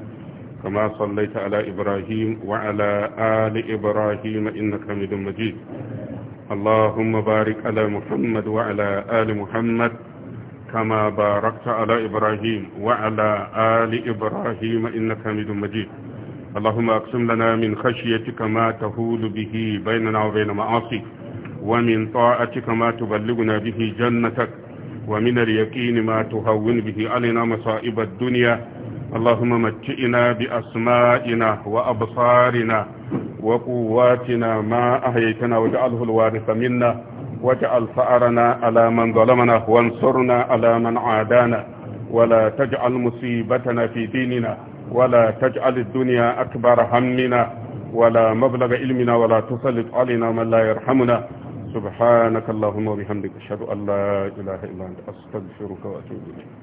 كما صليت على إبراهيم وعلى آل إبراهيم إنك حميد مجيد اللهم بارك على محمد وعلى آل محمد كما باركت على إبراهيم وعلى آل إبراهيم إنك حميد مجيد اللهم أقسم لنا من خشيتك ما تهول به بيننا وبين معاصيك ومن طاعتك ما تبلغنا به جنتك ومن اليقين ما تهون به علينا مصائب الدنيا اللهم متئنا بأسمائنا وأبصارنا وقواتنا ما أهيتنا واجعله الوارث منا واجعل فأرنا على من ظلمنا وانصرنا على من عادانا ولا تجعل مصيبتنا في ديننا ولا تجعل الدنيا أكبر همنا ولا مبلغ علمنا ولا تسلط علينا من لا يرحمنا subhanakallahumma wa bihamdika ashhadu an la ilaha illa anta suruka ake atubu ilayk